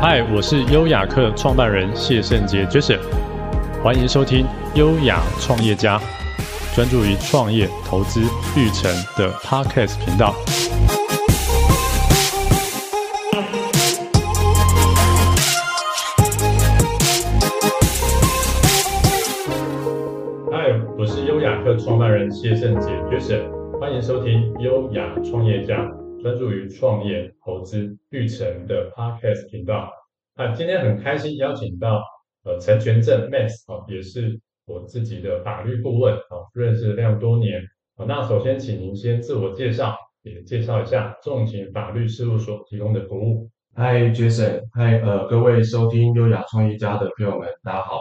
嗨，Hi, 我是優雅客創辦人謝勝傑 Jason，歡迎收聽《優雅創業家》，專注於創業投資育成的 Podcast 頻道。嗨，我是優雅客創辦人謝勝傑 Jason，歡迎收聽《優雅創業家》。專注於創業投資育成的 podcast 頻道，那今天很開心邀請到呃陳全正 Max，也是我自己的法律顧問啊，認識了這麼多年。那首先請您先自我介紹，也介紹一下眾勤法律事務所提供的服務。Hi Jason，Hi 呃各位收聽優雅創業家的朋友們，大家好，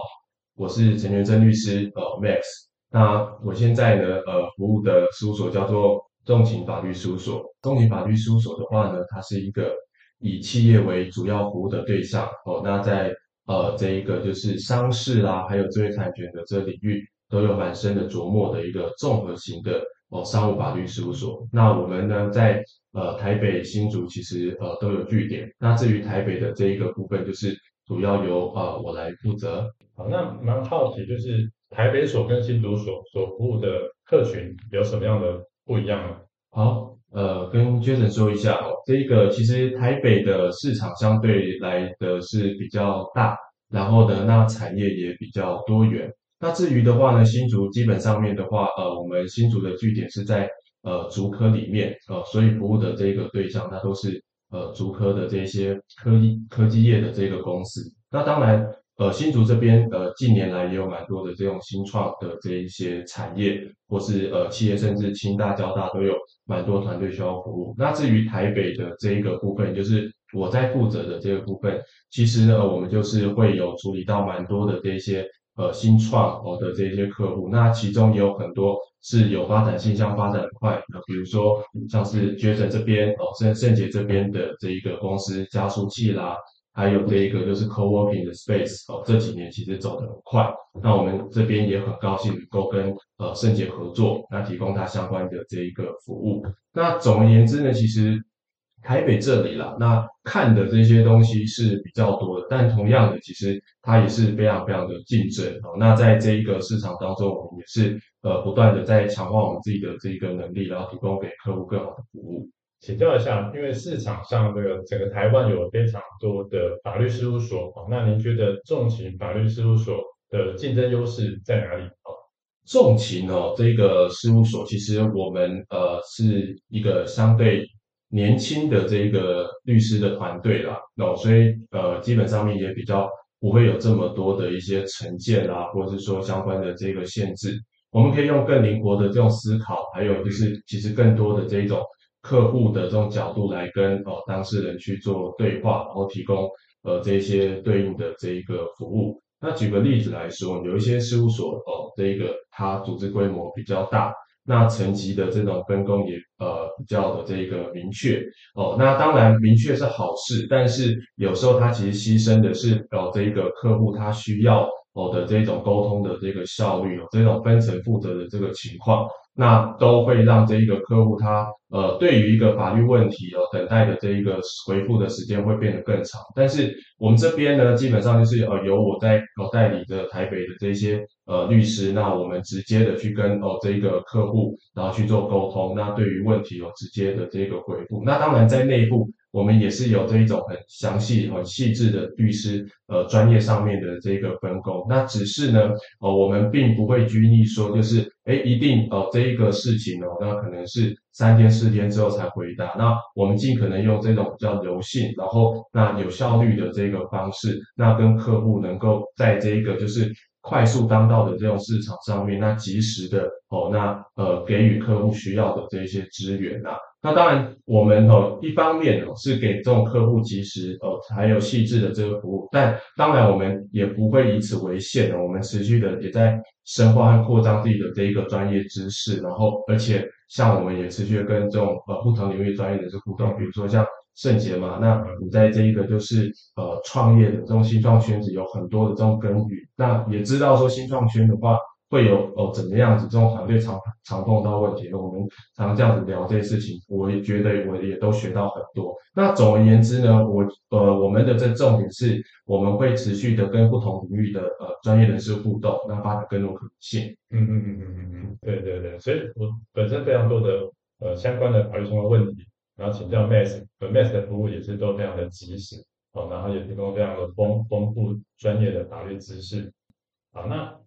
我是陳全正律師，呃，Max。那我現在呢呃服務的事務所叫做。眾勤法律事務所，眾勤法律事務所的話呢，它是一個以企業為主要服務的對象哦。那在呃這一個就是商事啊，還有知識產權的這個領域都有蠻深的琢磨的一個綜合型的哦商務法律事務所。那我們呢在呃台北、新竹其實呃都有據點。那至於台北的這一個部分，就是主要由呃我來負責。好，那蠻好奇，就是台北所跟新竹所所服務的客群有什麼樣的？不一樣了。Oh, yeah. 好，呃，跟 Jason 說一下哦，這一個其實台北的市場相對來的是比較大，然後呢，那產業也比較多元。那至於的話呢，新竹基本上面的話，呃，我們新竹的據點是在呃竹科裡面，呃，所以服務的這個對象，那都是呃竹科的這些科技科技業的這個公司。那當然。呃，新竹這邊呃，近年來也有蠻多的這種新創的這一些產業，或是呃企業，甚至清大、交大都有蠻多團隊需要服務。那至於台北的這一個部分，就是我在負責的這個部分，其實呢，我們就是會有處理到蠻多的這些呃新創的這些客戶。那其中也有很多是有發展現象，發展快，那、呃、比如說像是 Jason 這邊哦，勝勝傑這邊的這一個公司加速器啦。還有這一個就是 co-working 的 space，哦，這幾年其實走得很快。那我們這邊也很高興能夠跟呃勝傑合作，那提供它相關的這一個服務。那總而言之呢，其實台北這裡啦，那看的這些東西是比較多的，但同樣的，其實它也是非常非常的競爭哦。那在這一個市場當中，我們也是呃不斷的在強化我們自己的這一個能力，然後提供給客戶更好的服務。請教一下，因為市場上這個整個台灣有非常多的法律事務所，那您覺得眾勤法律事務所的競爭優勢在哪裡？眾勤哦，這個事務所其實我們呃是一個相對年輕的這個律師的團隊啦，那、呃、所以呃基本上面也比較不會有這麼多的一些成見啦，或者是說相關的這個限制，我們可以用更靈活的這種思考，還有就是其實更多的這一種。客戶的這種角度來跟哦當事人去做對話，然後提供呃這些對應的這一個服務。那舉個例子來說，有一些事務所哦，這一個它組織規模比較大，那層級的這種分工也呃比較的這一個明確哦。那當然明確是好事，但是有時候它其實犧牲的是哦這一個客戶他需要哦的這種溝通的這個效率、哦、這種分層負責的這個情況。那都會讓這一個客戶他呃對於一個法律問題哦等待的這一個回復的時間會變得更長，但是我們這邊呢基本上就是呃由我在我代理的台北的這些呃律師，那我們直接的去跟哦、呃、這一個客戶然後去做溝通，那對於問題有、哦、直接的這個回復，那當然在內部。我們也是有這一種很詳細、很細緻的律師呃專業上面的這個分工。那只是呢，呃我們並不會拘泥說就是，哎，一定哦、呃，這一個事情哦，那可能是三天四天之後才回答。那我們盡可能用這種比較柔性，然後那有效率的這個方式，那跟客戶能夠在這一個就是快速當道的這種市場上面，那及時的哦，那呃給予客戶需要的這些資源啊。那當然，我們哦，一方面哦是給這種客戶及時哦還有細緻的這個服務，但當然我們也不會以此為限的，我們持續的也在深化和擴張自己的這一個專業知識，然後而且像我們也持續的跟這種呃不同領域專業的這互動，比如說像勝傑嘛，那你在這一個就是呃創業的這種新創圈子有很多的這種耕耘。那也知道說新創圈的話。會有哦，怎麼樣子？這種團隊常常碰到問題，我們常這樣子聊這些事情。我也覺得我也都學到很多。那總而言之呢，我呃，我們的這重點是我們會持續的跟不同領域的呃專業人士互動，那發展更多可能性。嗯嗯嗯嗯嗯嗯，嗯嗯嗯嗯對對對。所以我本身非常多的呃相關的法律相關問題，然後請教 Mass 和 Mass 的服務也是都非常的及時哦，然後也提供非常的豐豐富專業的法律知識。好，那。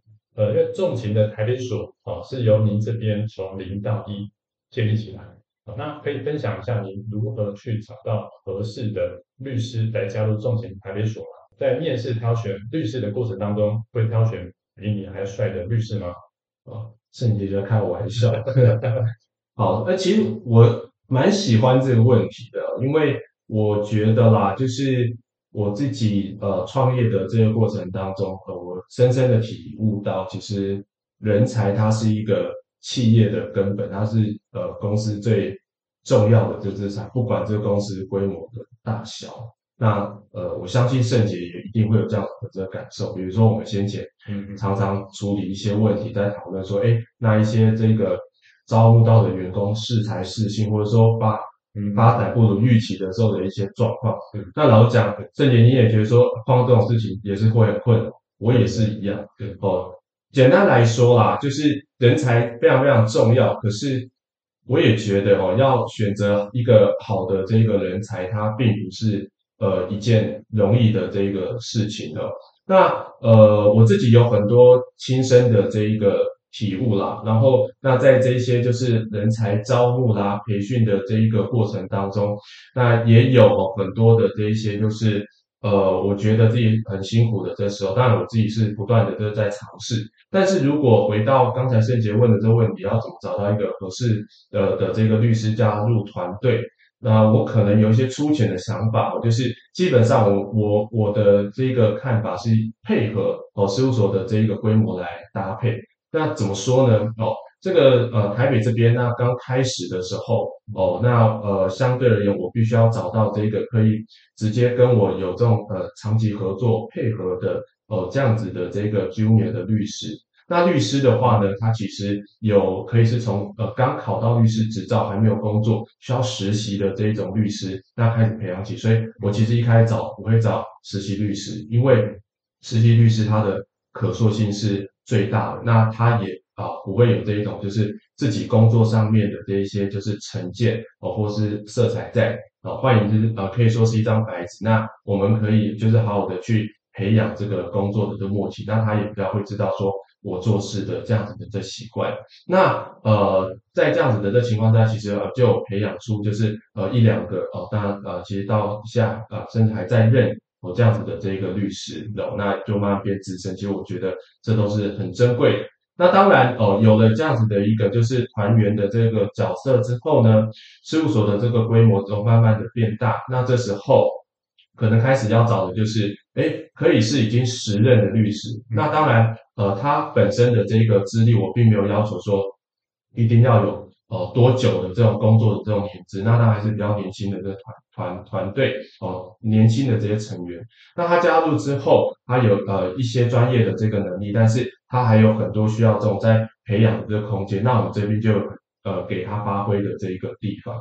呃，因為眾勤的台北所哦，是由您這邊從零到一建立起來，哦，那可以分享一下您如何去找到合適的律師來加入眾勤台北所嗎？在面試挑選律師的過程當中，會挑選比你還帥的律師嗎？啊、哦，勝傑在開玩笑， 好，那其實我蠻喜歡這個問題的，因為我覺得啦，就是。我自己呃創業的這個過程當中，呃，我深深的體悟到，其實人才它是一個企業的根本，它是呃公司最重要的就是財，不管這個公司規模的大小。那呃，我相信勝傑也一定會有這樣子的感受。比如說我們先前，嗯常常處理一些問題，嗯嗯在討論說，誒，那一些這個招募到的員工適才適性，或者說把。嗯，發展不如預期的時候的一些狀況。嗯、那老蔣、鄭姐，你也覺得說碰到這種事情也是會很困擾，我也是一樣。嗯、哦，簡單來說啦、啊,就是人才非常非常重要。可是我也覺得哦，要選擇一個好的這一個人才，它並不是呃一件容易的這個事情的。那呃，我自己有很多親身的這一個。體悟啦，然後那在這些就是人才招募啦、培訓的這一個過程當中，那也有很多的這一些就是呃，我覺得自己很辛苦的這時候，當然我自己是不斷的都在嘗試。但是如果回到剛才勝傑問的這個問題，要怎麼找到一個合適的的這個律師加入團隊？那我可能有一些粗淺的想法，就是基本上我我我的這個看法是配合哦，事務所的這一個規模來搭配。那怎麼說呢？哦，這個呃，台北這邊那剛開始的時候，哦，那呃，相對而言，我必須要找到這個可以直接跟我有這種呃長期合作配合的哦、呃、這樣子的這個 junior 的律師。那律師的話呢，他其實有可以是從呃剛考到律師執照還沒有工作，需要實習的這一種律師，那開始培養起。所以我其實一開始找我會找實習律師，因為實習律師他的可塑性是。最大的，那他也啊不會有這一種，就是自己工作上面的這一些就是成見哦，或是色彩在啊、哦，換言之啊，可以說是一張白紙。那我們可以就是好好的去培養這個工作的這個默契，那他也比較會知道說我做事的這樣子的這習慣。那呃，在這樣子的這情況下，其實、啊、就培養出就是呃、啊、一兩個哦，當然呃，其實到現在啊，甚至還在任。哦，這樣子的這一個律師哦，那就慢慢變資深。其實我覺得這都是很珍貴的。那當然哦、呃，有了這樣子的一個就是團員的這個角色之後呢，事務所的這個規模就慢慢的變大。那這時候可能開始要找的就是，哎、欸，可以是已經實任的律師。那當然，呃，他本身的這個資歷我並沒有要求說一定要有。哦，多久的這種工作的這種品質，那他還是比較年輕的這個團團團隊哦，年輕的這些成員，那他加入之後，他有呃一些專業的這個能力，但是他還有很多需要這種在培養的這個空間，那我們這邊就。呃，給他發揮的這一個地方，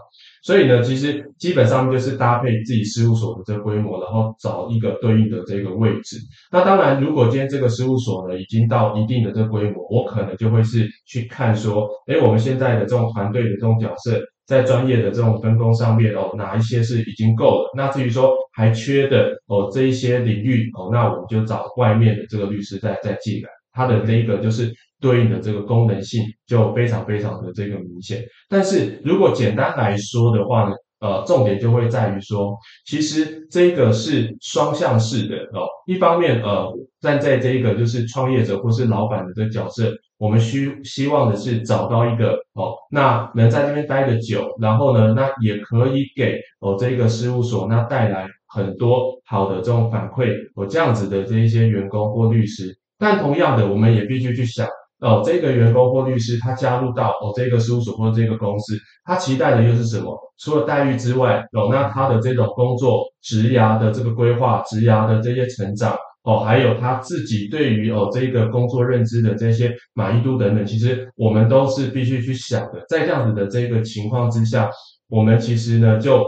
所以呢，其實基本上就是搭配自己事務所的這規模，然後找一個對應的這個位置。那當然，如果今天這個事務所呢已經到一定的這規模，我可能就會是去看說，哎，我們現在的這種團隊的這種角色，在專業的這種分工上面哦，哪一些是已經夠了？那至於說還缺的哦這一些領域哦，那我們就找外面的這個律師再再進來。它的這個就是對應的這個功能性就非常非常的這個明顯，但是如果簡單來說的話呢，呃，重點就會在於說，其實這個是雙向式的哦，一方面，呃，站在這一個就是創業者或是老闆的這個角色，我們需希望的是找到一個哦，那能在這邊待得久，然後呢，那也可以給哦這個事務所那帶來很多好的這種反饋，我、哦、這樣子的這一些員工或律師。但同樣的，我們也必須去想哦，這個員工或律師他加入到哦這個事務所或這個公司，他期待的又是什麼？除了待遇之外，哦，那他的這種工作職涯的這個規劃、職涯的這些成長，哦，還有他自己對於哦這個工作認知的這些滿意度等等，其實我們都是必須去想的。在這樣子的這個情況之下，我們其實呢就。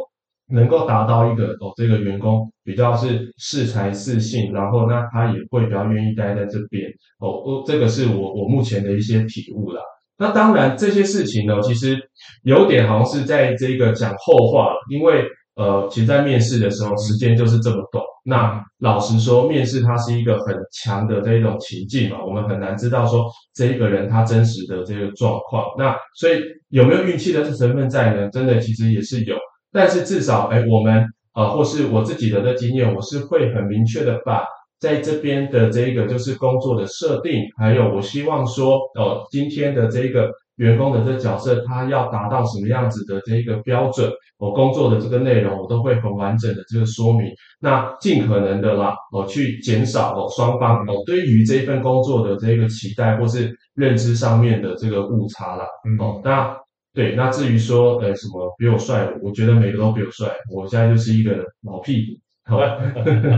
能夠達到一個哦，這個員工比較是適才適性，然後那他也會比較願意待在這邊哦。哦，這個是我我目前的一些體悟啦。那當然這些事情呢，其實有點好像是在這個講後話，因為呃，其實在面試的時候時間就是這麼短。嗯、那老實說，面試它是一個很強的這一種情境嘛，我們很難知道說這一個人他真實的這個狀況。那所以有沒有運氣的成分在呢？真的其實也是有。但是至少，誒、欸、我們啊、呃，或是我自己的這經驗，我是會很明確的把在這邊的這一個就是工作的設定，還有我希望說，哦、呃，今天的這一個員工的這角色，他要達到什麼樣子的這一個標準，我、呃、工作的這個內容，我都會很完整的這個說明。那儘可能的啦，哦、呃，去減少、呃、雙方哦、呃、對於這份工作的這個期待或是認知上面的這個誤差啦，哦、呃嗯呃，那。對，那至於說，呃，什麼比我帥？我覺得每個都比我帥。我現在就是一個老屁股。好吧？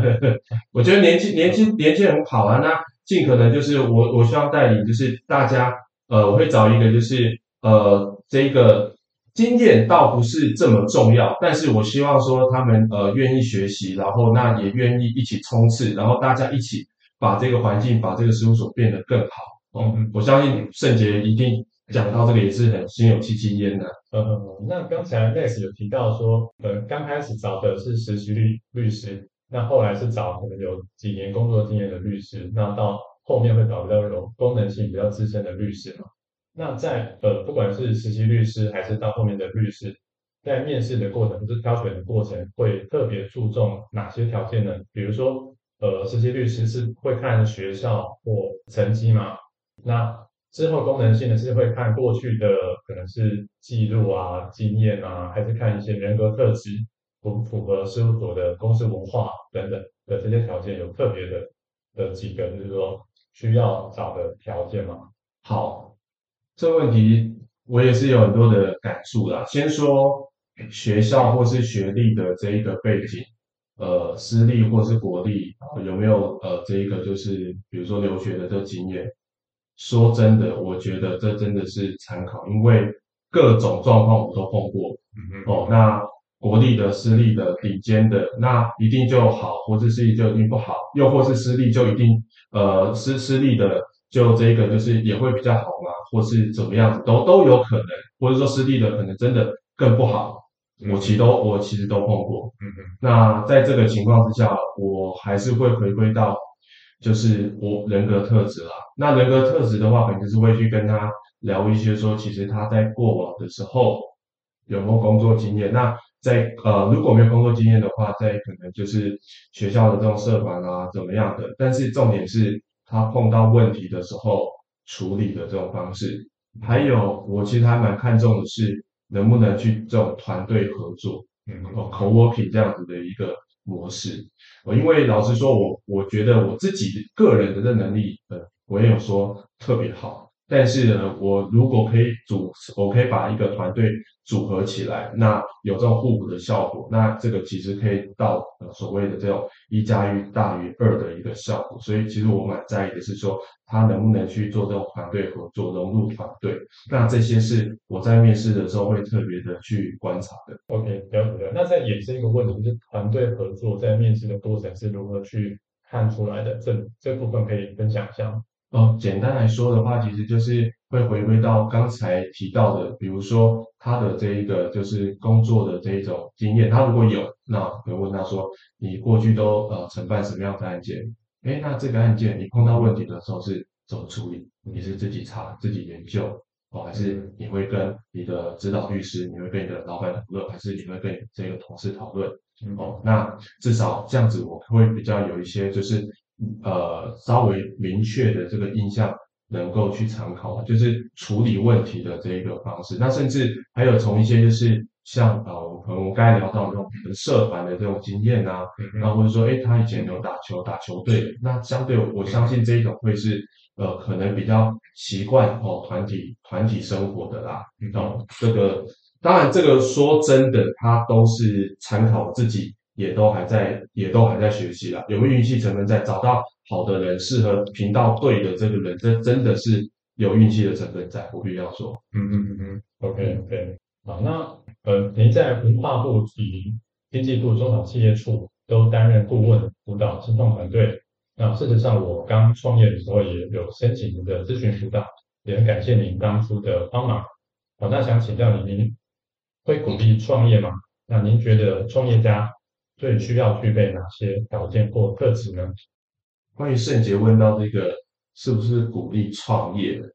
我覺得年輕、年輕、年輕人好啊。那盡可能就是我，我希望帶領就是大家，呃，我會找一個就是，呃，這一個經驗倒不是這麼重要，但是我希望說他們呃願意學習，然後那也願意一起衝刺，然後大家一起把這個環境、把這個事務所變得更好。哦、嗯哼，我相信勝傑一定。講到這個也是很心有戚戚焉吶。呃，那剛才 Lex 有提到說，呃，剛開始找的是實習律律師，那後來是找可能有幾年工作經驗的律師，那到後面會找比較有功能性比較資深的律師嘛？那在呃，不管是實習律師還是到後面的律師，在面試的過程或者挑選的過程，會特別注重哪些條件呢？比如說，呃，實習律師是會看學校或成績嗎？那？之後功能性的是會看過去的可能是記錄啊、經驗啊，還是看一些人格特質符不符合事務所的公司文化等等的這些條件，有特別的的幾個，就是說需要找的條件嗎？好，這個問題我也是有很多的感觸啦。先說學校或是學歷的這一個背景，呃，私立或是國立有沒有呃這一個就是比如說留學的這經驗？說真的，我覺得這真的是參考，因為各種狀況我都碰過。嗯、哼哦，那國立的、私立的、頂尖的，那一定就好，或者是私立就一定不好，又或是私立就一定呃私，私立的就這個就是也會比較好嘛，或是怎麼樣子都都有可能，或者說私立的可能真的更不好，我其實都、嗯、哼我其實都碰過。嗯哼，那在這個情況之下，我還是會回歸到。就是我人格特質啦，那人格特質的話，肯定是會去跟他聊一些說，其實他在過往的時候有沒有工作經驗。那在呃如果沒有工作經驗的話，在可能就是學校的這種社團啊怎麼樣的，但是重點是他碰到問題的時候處理的這種方式。還有我其實還蠻看重的是能不能去這種團隊合作，嗯，co working 這樣子的一個模式，我因為老實說，我我覺得我自己個人的能力，呃，我也有說特別好。但是呢，我如果可以組，我可以把一個團隊組合起來，那有這種互補的效果，那這個其實可以到所謂的這種一加一大於二的一個效果。所以其實我蠻在意的是說，他能不能去做這種團隊合作，融入團隊。那這些是我在面試的時候會特別的去觀察的。OK，了解了。那再衍生一個問題，就是團隊合作在面試的過程是如何去看出來的？這這部分可以分享一下嗎？哦，簡單來說的話，其實就是會回歸到剛才提到的，比如說他的這一個就是工作的這一種經驗，他如果有，那會問他說，你過去都呃承辦什麼樣的案件？哎，那這個案件你碰到問題的時候是怎麼處理？你是自己查自己研究哦，還是你會跟你的指導律師，你會跟你的老闆討論，還是你會跟你這個同事討論？哦，那至少這樣子我會比較有一些就是。呃，稍微明確的這個印象，能夠去參考，就是處理問題的這一個方式。那甚至還有從一些就是像呃，我們剛才聊到那種社團的這種經驗啊，然後或者說，哎、欸，他以前有打球、打球隊，那相對我，我相信這一種會是呃，可能比較習慣哦，團體團體生活的啦，哦，這個當然，這個說真的，他都是參考自己。也都還在，也都還在學習啦。有運氣成分在，找到好的人，適合頻道對的這個人，這真的是有運氣的成分在。不必要做。嗯嗯嗯嗯。OK OK。好，那呃，您在文化部、及經濟部中小企業處都擔任顧問輔導初創團隊。那事實上，我剛創業的時候也有申請您的諮詢輔導，也很感謝您當初的幫忙。好，那想請教您，您會鼓勵創業嗎？那您覺得創業家？所以需要具備哪些條件或特質呢？關於勝傑問到這個，是不是鼓勵創業的？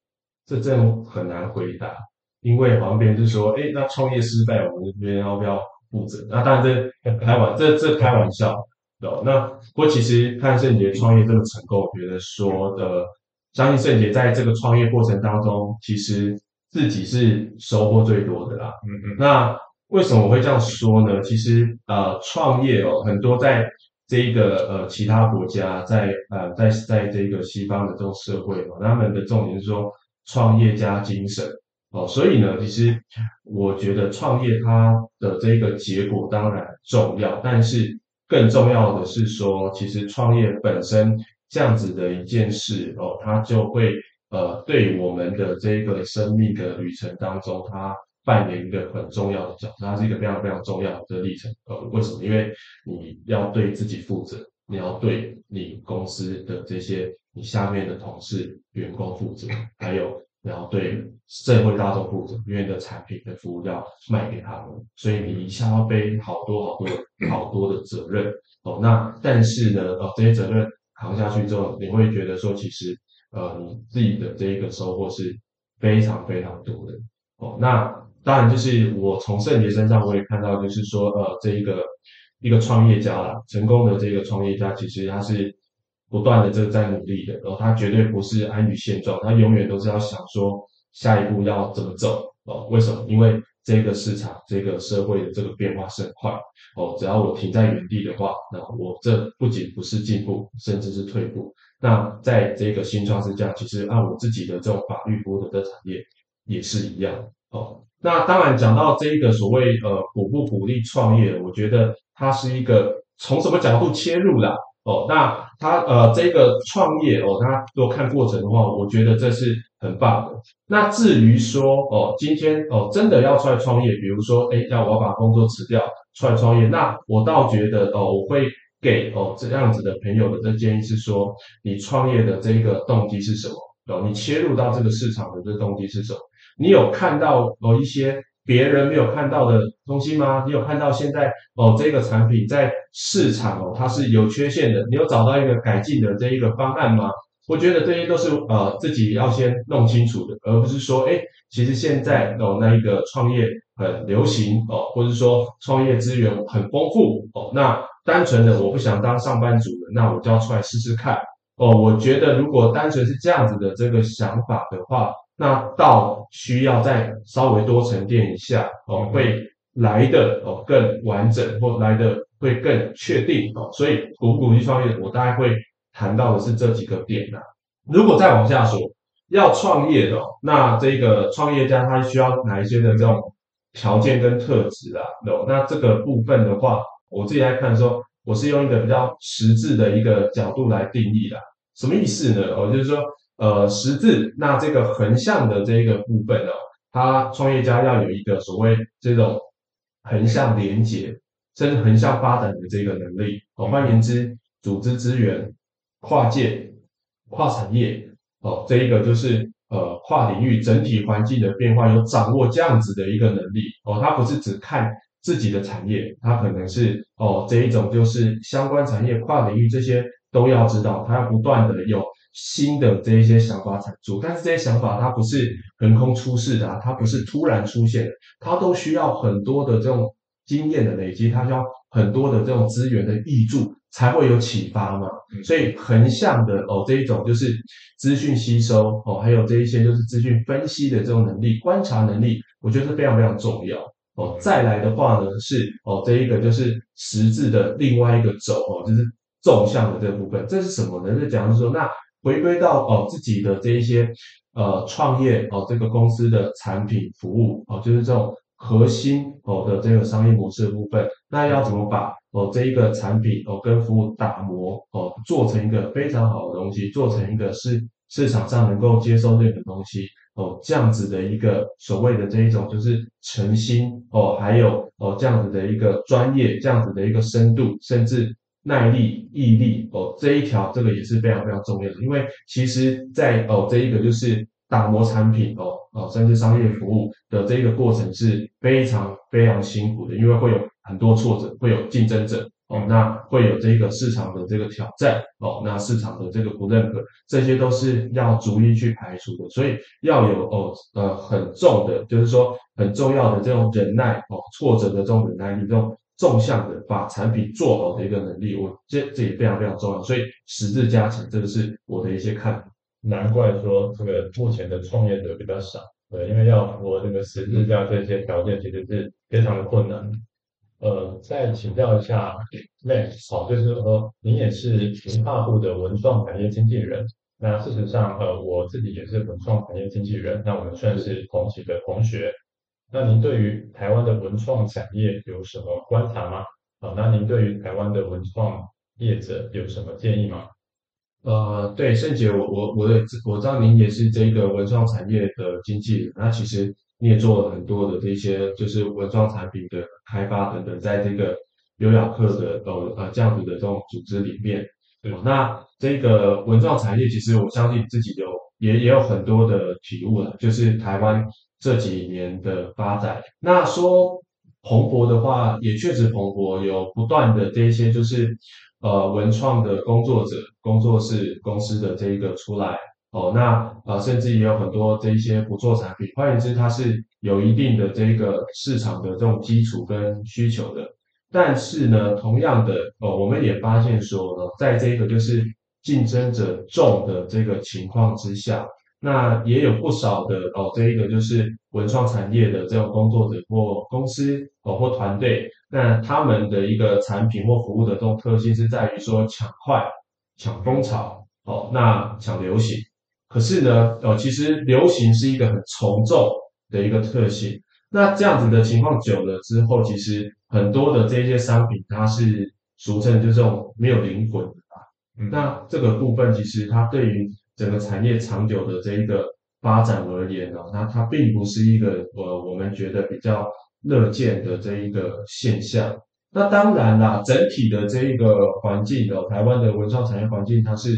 這這真很難回答，因為旁邊是說，誒、欸、那創業失敗，我們這邊要不要負責？那當然這開玩笑，這這開玩笑的。那不過其實看勝傑創業這麼成功，我覺得說的，相信勝傑在這個創業過程當中，其實自己是收穫最多的啦。嗯嗯。那為什麼我會這樣說呢？其實，呃，創業哦，很多在這一個呃其他國家，在呃在在這個西方的這種社會哦，他們的重點是說創業家精神哦。所以呢，其實我覺得創業它的這個結果當然重要，但是更重要的是說，其實創業本身這樣子的一件事哦，它就會呃對我們的這個生命的旅程當中它扮演一個很重要的角色，它是一個非常非常重要的歷程。呃，為什麼？因為你要對自己負責，你要對你公司的這些你下面的同事、員工負責，還有你要對社會大眾負責，因為你的產品、的服務要賣給他們，所以你一下要背好多好多好多的責任。哦，那但是呢，把、哦、這些責任扛下去之後，你會覺得說，其實呃，你自己的這一個收穫是非常非常多的。哦，那。當然，就是我從勝傑身上，我也看到，就是說，呃，這一個一個創業家啦，成功的這個創業家，其實他是不斷的這個在努力的，然後、呃、他絕對不是安於現狀，他永遠都是要想說下一步要怎麼走哦、呃？為什麼？因為這個市場、這個社會的這個變化是很快哦、呃，只要我停在原地的話，那我這不僅不是進步，甚至是退步。那在這個新創之家，其實按我自己的這種法律服務的產業也是一樣。哦，那當然講到這一個所謂呃鼓不鼓勵創業，我覺得它是一個從什麼角度切入啦，哦。那他呃這個創業哦，他如果看過程的話，我覺得這是很棒的。那至於說哦，今天哦真的要出來創業，比如說哎，要我要把工作辭掉出來創業，那我倒覺得哦，我會給哦這樣子的朋友的這建議是說，你創業的這個動機是什麼哦？你切入到這個市場的這個動機是什麼？你有看到某一些別人沒有看到的東西嗎？你有看到現在哦，這個產品在市場哦，它是有缺陷的。你有找到一個改進的這一個方案嗎？我覺得這些都是呃自己要先弄清楚的，而不是說誒，欸，其實現在哦，那一個創業很流行哦，或者說創業資源很豐富哦，那單純的我不想當上班族了，那我就要出來試試看哦。我覺得如果單純是這樣子的這個想法的話。那到需要再稍微多沉澱一下哦，會來的哦更完整，或來的會更確定哦。所以鼓不鼓勵創業，我大概會談到的是這幾個點吶。如果再往下說，要創業的，那這個創業家他需要哪一些的這種條件跟特質啊？哦，那這個部分的話，我自己來看說，我是用一個比較實質的一個角度來定義的。什麼意思呢？哦，就是說。呃，十字那這個橫向的這個部分哦、啊，它創業家要有一個所謂這種橫向連接，甚至橫向發展的這個能力哦。換言之，組織資源、跨界、跨產業哦，這一個就是呃跨領域整體環境的變化，有掌握這樣子的一個能力哦。他不是只看自己的產業，他可能是哦這一種就是相關產業、跨領域這些都要知道，他要不斷的有。新的這一些想法產出，但是這些想法它不是橫空出世的啊，它不是突然出現的，它都需要很多的這種經驗的累積，它需要很多的這種資源的挹注，才會有啟發嘛。所以橫向的哦這一種就是資訊吸收哦，還有這一些就是資訊分析的這種能力、觀察能力，我覺得是非常非常重要哦。再來的話呢是哦這一個就是十字的另外一個軸哦，就是縱向的這部分，這是什麼呢？這講就講是說那。回歸到哦自己的這一些呃創業哦這個公司的產品服務哦，就是這種核心哦的這個商業模式的部分，那要怎麼把哦這一個產品哦跟服務打磨哦，做成一個非常好的東西，做成一個市市場上能夠接受這個東西哦，這樣子的一個所謂的這一種就是誠心哦還有哦這樣子的一個專業這樣子的一個深度甚至。耐力、毅力哦，這一條這個也是非常非常重要的，因為其實在，在哦這一個就是打磨產品哦哦，甚至商業服務的這一個過程是非常非常辛苦的，因為會有很多挫折，會有競爭者哦，那會有這個市場的這個挑戰哦，那市場的這個不認可，這些都是要逐一去排除的，所以要有哦呃很重的，就是說很重要的這種忍耐哦，挫折的這種忍耐力這種。縱向的把產品做好的一個能力，我這這也非常非常重要，所以十字加成這個是我的一些看法。難怪說這個目前的創業者比較少，對，因為要符合這個十字加這些條件，其實是非常的困難。呃，再請教一下 Max，好，就是說您也是文化部的文創產業經紀人，那事實上，呃，我自己也是文創產業經紀人，那我們算是同期的同學。嗯。那您對於台灣的文創產業有什麼觀察嗎？啊、哦，那您對於台灣的文創業者有什麼建議嗎？呃，對，勝傑，我我我的我知道您也是這個文創產業的經紀人，那其實你也做了很多的這些，就是文創產品的開發等等，在這個優雅客的這是、哦、呃這樣子的這種組織裡面。對、哦，那這個文創產業，其實我相信自己有。也也有很多的體悟了，就是台灣這幾年的發展。那說蓬勃的話，也確實蓬勃，有不斷的這一些，就是呃，文創的工作者、工作室、公司的這一個出來。哦，那啊、呃，甚至也有很多這一些不錯產品。換言之，它是有一定的這個市場的這種基礎跟需求的。但是呢，同樣的，哦，我們也發現說，呃、在這個就是。競爭者眾的這個情況之下，那也有不少的哦，這一個就是文創產業的這種工作者或公司哦或團隊，那他們的一個產品或服務的這種特性是在於說搶快、搶風潮哦，那搶流行。可是呢，哦，其實流行是一個很從眾的一個特性。那這樣子的情況久了之後，其實很多的這些商品，它是俗稱就這種沒有靈魂的。那這個部分其實它對於整個產業長久的這一個發展而言哦，那它並不是一個呃我們覺得比較樂見的這一個現象。那當然啦，整體的這一個環境哦，台灣的文創產業環境它是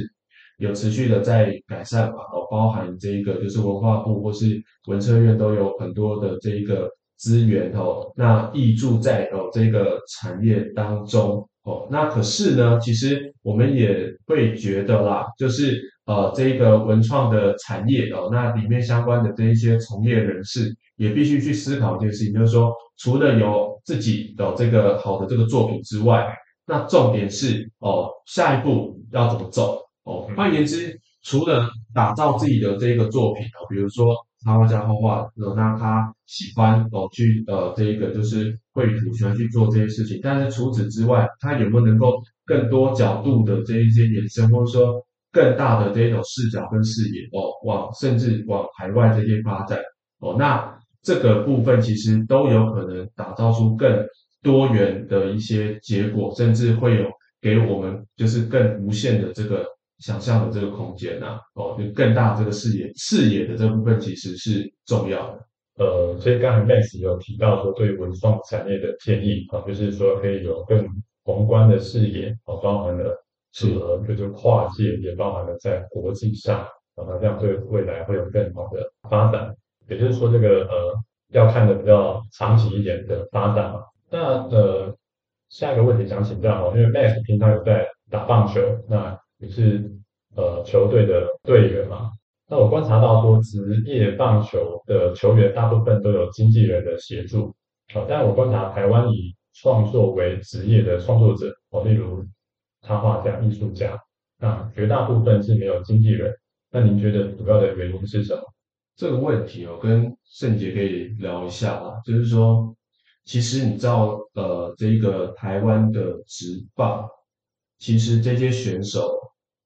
有持續的在改善吧哦，包含這一個就是文化部或是文策院都有很多的這一個資源哦，那挹注在哦這個產業當中。哦，那可是呢，其實我們也會覺得啦，就是呃，這個文創的產業哦，那裡面相關的這一些從業人士也必須去思考這件事情，就是說，除了有自己有，哦，這個好的這個作品之外，那重點是哦，下一步要怎麼走哦？換言之，除了打造自己的這個作品哦，比如說。插畫家畫畫的，那他喜歡哦，去呃，這一個就是繪圖，喜歡去做這些事情。但是除此之外，他有沒有能夠更多角度的這一些延伸，或者說更大的這一種視角跟視野，哦，往甚至往海外這些發展哦？那這個部分其實都有可能打造出更多元的一些結果，甚至會有給我們就是更無限的這個。想象的這個空間吶、啊，哦，就更大的這個視野，視野的這部分其實是重要的。呃，所以剛才 Max 有提到說對文創產業的建議啊，就是說可以有更宏觀的視野啊，包含了組合，是就是跨界，也包含了在國際上啊，這樣對未來會有更好的發展。也就是說，這個呃，要看的比較長期一點的發展嘛。那呃，下一個問題想請教哦，因為 Max 平常有在打棒球，那也是呃球隊的隊員嘛，那我觀察到說職業棒球的球員大部分都有經紀人的協助，好、哦，但我觀察台灣以創作為職業的創作者，哦，例如插畫家、藝術家，那絕大部分是沒有經紀人。那您覺得主要的原因是什麼？這個問題我、哦、跟勝傑可以聊一下啊，就是說，其實你知道呃，這一個台灣的職棒，其實這些選手。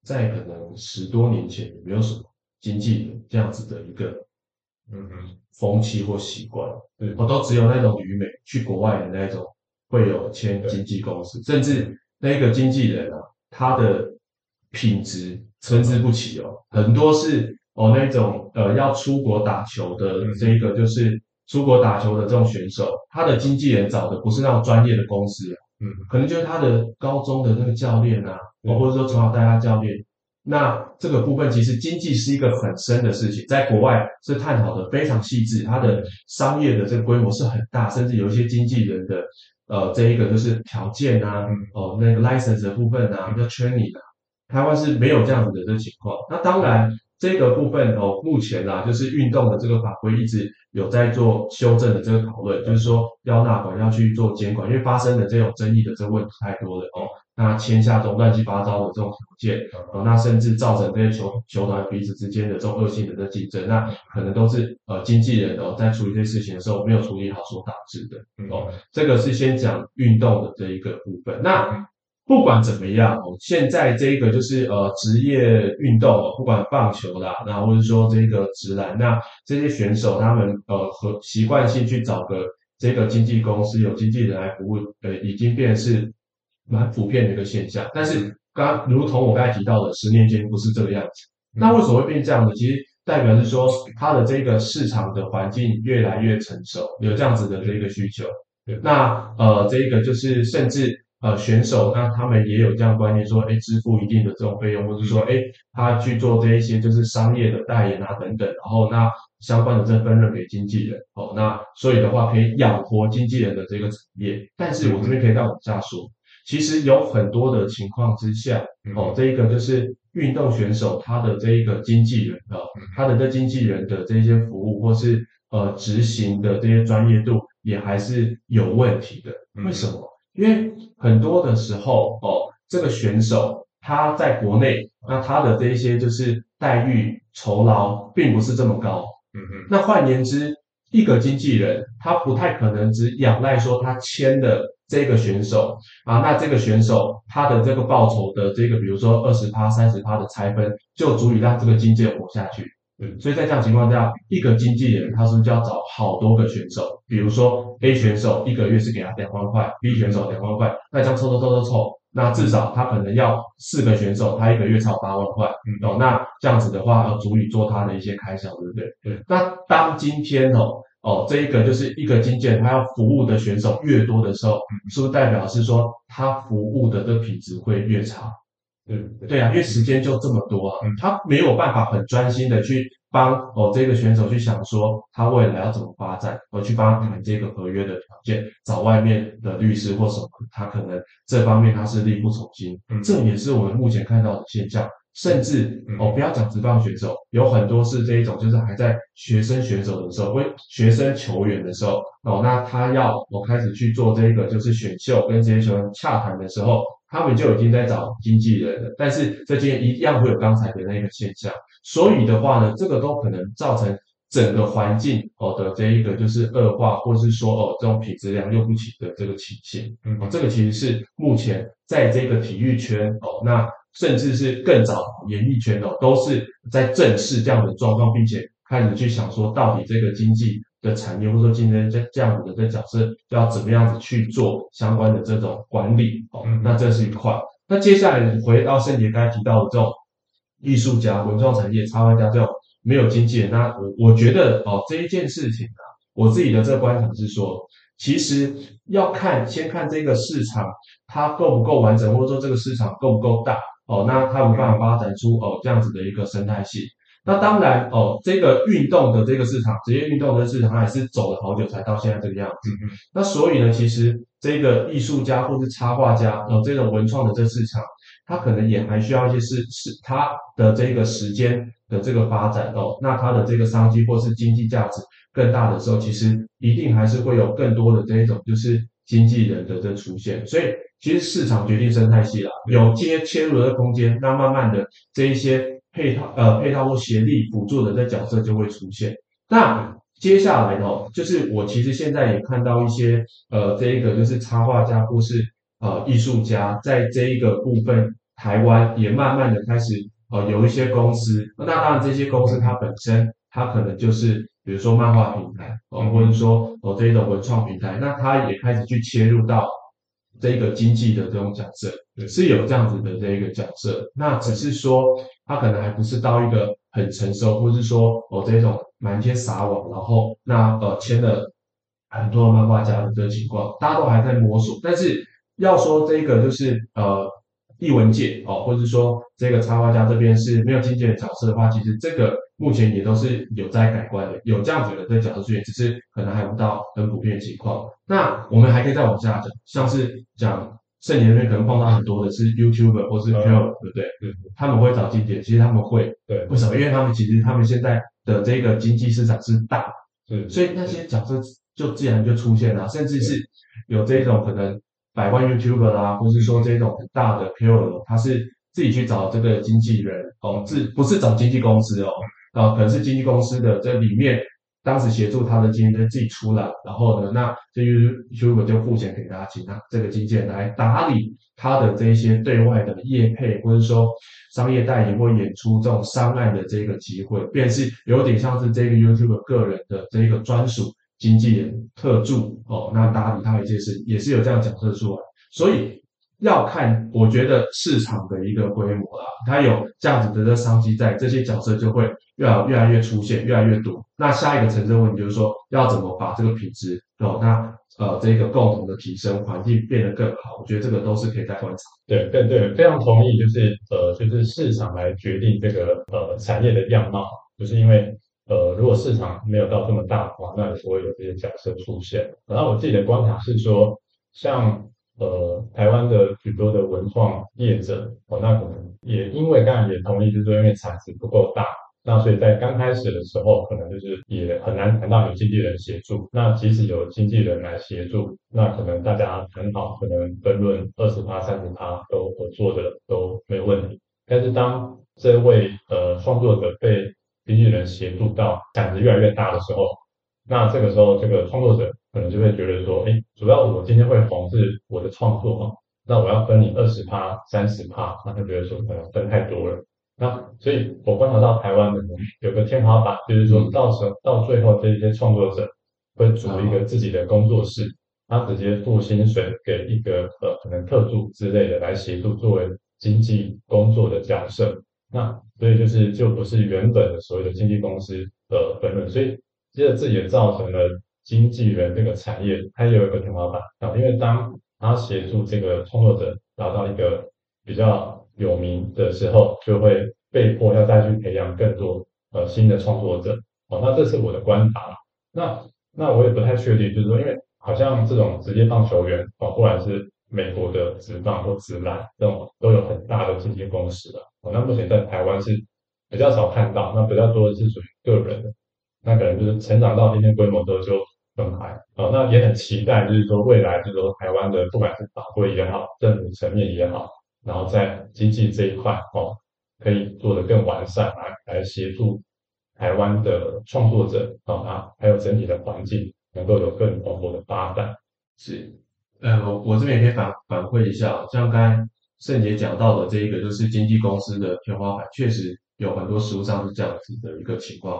在可能十多年前沒有什麼經紀人這樣子的一個嗯哼風氣或習慣，對、嗯，我、哦、都只有那種旅美去國外的那種會有簽經紀公司，對甚至那個經紀人啊，他的品質參差不齊哦，嗯、很多是哦那種呃要出國打球的這一個、嗯、就是出國打球的這種選手，他的經紀人找的不是那種專業的公司、啊，嗯，可能就是他的高中的那個教練啊。我、嗯、或者說從小帶他教練，那這個部分其實經紀是一個很深的事情，在國外是探討的非常細緻，它的商業的這個規模是很大，甚至有一些經紀人的呃，這一個就是條件啊，哦、呃，那個 license 的部分啊，要 training 啊，台灣是沒有這樣子的這個情況。那當然這個部分哦、呃，目前啊，就是運動的這個法規一直有在做修正的這個討論，就是說要納管，要去做監管，因為發生的這種爭議的這個問題太多了哦。那簽下這種亂七八糟的這種條件，哦，那甚至造成這些球球團彼此之間的這種惡性的競爭，那可能都是呃經紀人哦在處理這些事情的時候沒有處理好所導致的，哦，這個是先講運動的這一個部分。那不管怎麼樣，哦，現在這一個就是呃職業運動，哦，不管棒球啦，然後或者說這個職籃，那這些選手他們呃和習慣性去找個這個經紀公司有經紀人來服務，呃，已經變是。蠻普遍的一個現象，但是剛如同我剛才提到的，十年間不是這個樣子。那為什麼會變成這樣子？其實代表是說，它的這個市場的環境越來越成熟，有這樣子的這一個需求。那呃，這一個就是甚至呃選手那、呃、他們也有這樣的觀念說，說哎支付一定的這種費用，或者說哎他去做這一些就是商業的代言啊等等，然後那相關的這分潤給經紀人。哦，那所以的話可以養活經紀人的這個產業。但是我這邊可以再往下說。其實有很多的情況之下，哦，這一個就是運動選手他的這一個經紀人的，哦，他的這經紀人的這些服務或是呃執行的這些專業度也還是有問題的。為什麼？因為很多的時候，哦，這個選手他在國內，那他的這一些就是待遇、酬勞並不是這麼高。那換言之，一個經紀人他不太可能只仰賴說他簽的。這個選手啊，那這個選手他的這個報酬的這個，比如說二十趴、三十趴的拆分，就足以讓這個經紀人活下去。嗯對，所以在這樣情況下，一個經紀人他是不是就要找好多個選手？比如說 A 選手一個月是給他兩萬塊，B 選手兩萬塊，那這樣湊都湊都湊湊湊，那至少他可能要四個選手，他一個月超八萬塊。嗯，哦，那這樣子的話，要足以做他的一些開銷，對不對？對。對那當今天哦。哦，這一個就是一個經紀，他要服務的選手越多的時候，嗯、是不是代表是說他服務的這個品質會越差？對、嗯、對啊，因為時間就這麼多啊，他、嗯、沒有辦法很專心的去幫哦這個選手去想說他未來要怎麼發展，我去幫他談這個合約的條件，找外面的律師或什麼，他可能這方面他是力不從心，嗯、這也是我們目前看到的現象。甚至我，哦，不要講職棒選手，有很多是這一種，就是還在學生選手的時候，為學生球員的時候，哦，那他要，我開始去做這個，就是選秀跟這些球員洽談的時候，他們就已經在找經紀人了。但是這些一樣會有剛才的那個現象，所以的話呢，這個都可能造成整個環境哦的這一個就是惡化，或是說哦這種品質良莠不齊的這個情形。哦，這個其實是目前在這個體育圈哦那。甚至是更早演藝圈哦，都是在正視這樣的狀況，並且開始去想說，到底這個經紀的產業或者說今天這這樣子的角色，要怎麼樣子去做相關的這種管理哦。那這是一塊。嗯、那接下來回到勝傑剛才提到的這種藝術家、文創產業、插畫家這種沒有經紀的，那我我覺得哦，這一件事情啊，我自己的這個觀察是說，其實要看先看這個市場它夠不夠完整，或者說這個市場夠不夠大。哦，那他沒辦法發展出哦這樣子的一個生態系。那當然哦，這個運動的這個市場，職業運動的市場還是走了好久才到現在這個樣子。嗯。那所以呢，其實這個藝術家或是插畫家，哦這種文創的這個市場，它可能也還需要一些是是它的這個時間的這個發展哦。那它的這個商機或是經濟價值更大的時候，其實一定還是會有更多的這一種就是經紀人的這出現。所以。其實市場決定生態系啦，有這些切入的空間，那慢慢的這一些配套呃配套或協力輔助的這角色就會出現。那接下來呢，就是我其實現在也看到一些呃這一個就是插畫家或是呃藝術家在這一個部分，台灣也慢慢的開始呃有一些公司。那當然這些公司它本身它可能就是比如說漫畫平台，呃，或者說哦，呃，這一種文創平台，那它也開始去切入到。這個經濟的這種假設，是有這樣子的這一個假設，那只是說，他可能還不是到一個很成熟，或是說，我、哦、這種滿天撒網，然後那呃簽了很多的漫畫家的這個情況，大家都還在摸索。但是要說這個，就是呃。藝文界哦，或者是說這個插畫家這邊是沒有經紀的角色的話，其實這個目前也都是有在改觀的，有這樣子的在角色出現，只是可能還不到很普遍的情況。那我們還可以再往下講，像是講勝傑那邊可能碰到很多的是 YouTuber 或是 KOL，啊、對不對？對對對，他們會找經紀，其實他們會對，對為什麼？因為他們其實他們現在的這個經濟市場是大，對對對，所以那些角色就自然就出現了，甚至是有這種可能，百萬 YouTuber 啦、啊，或是說這種很大的 KOL，他是自己去找這個經紀人哦，自不是找經紀公司哦，呃、啊，可能是經紀公司的這裡面當時協助他的經紀人自己出來，然後呢，那這 YouTuber 就付錢給他，請他這個經紀人來打理他的這些對外的業配，或者說商業代言或演出這種商案的這個機會，便是有點像是這個 YouTuber 個人的這一個專屬。經紀人、特助哦，那打理他一些事，也是有這樣的角色出來，所以要看我覺得市場的一個規模啊，它有這樣子的這商機在，這些角色就會越來,越來越出現，越來越多。那下一個產生問題就是說，要怎麼把這個品質哦，那呃這個共同的提升環境變得更好？我覺得這個都是可以再觀察。對，對，對，非常同意，就是呃，就是市場來決定這個呃產業的樣貌，就是因為。呃，如果市場沒有到這麼大的話，那不會有這些角色出現。然後我自己的觀察是說，像呃台灣的許多的文創業者，哦，那可能也因為剛才也同意，就是因為產值不夠大，那所以在剛開始的時候，可能就是也很難談到有經紀人協助。那即使有經紀人來協助，那可能大家很好，可能分潤二十趴、三十趴都合作的都沒問題。但是當這位呃創作者被經紀人協助到產值越來越大的時候，那這個時候這個創作者可能就會覺得說，哎，主要我今天會紅是我的創作哈，那我要分你二十趴、三十趴，那他覺得說可能分太多了。那所以我觀察到台灣的人、嗯、有個天花板，就是說，到時候到最後這些創作者會組一個自己的工作室，他直接付薪水給一個呃可能特助之類的來協助作為經紀工作的角色。那所以就是就不是原本所謂的經紀公司的分潤，所以其實這也造成了經紀人這個產業它也有一個天花板。因為當他協助這個創作者達到一個比較有名的時候，就會被迫要再去培養更多呃新的創作者。哦，那這是我的觀察。那那我也不太確定，就是說，因為好像這種直接當球員哦，或者是。美國的職棒或職籃這種都有很大的經紀公司的哦，那目前在台灣是比較少看到，那比較多的是屬於個人，那可能就是成長到一定規模之後就分開，哦，那也很期待就是說未來就是說台灣的不管是法規也好，政府層面也好，然後在經濟這一塊哦，可以做得更完善啊，來協助台灣的創作者啊，還有整體的環境能夠有更蓬勃的發展，是。呃，我我這邊也可以反反饋一下，啊，像剛才勝傑講到的這一個，就是經紀公司的天花板，確實有很多實務上是這樣子的一個情況。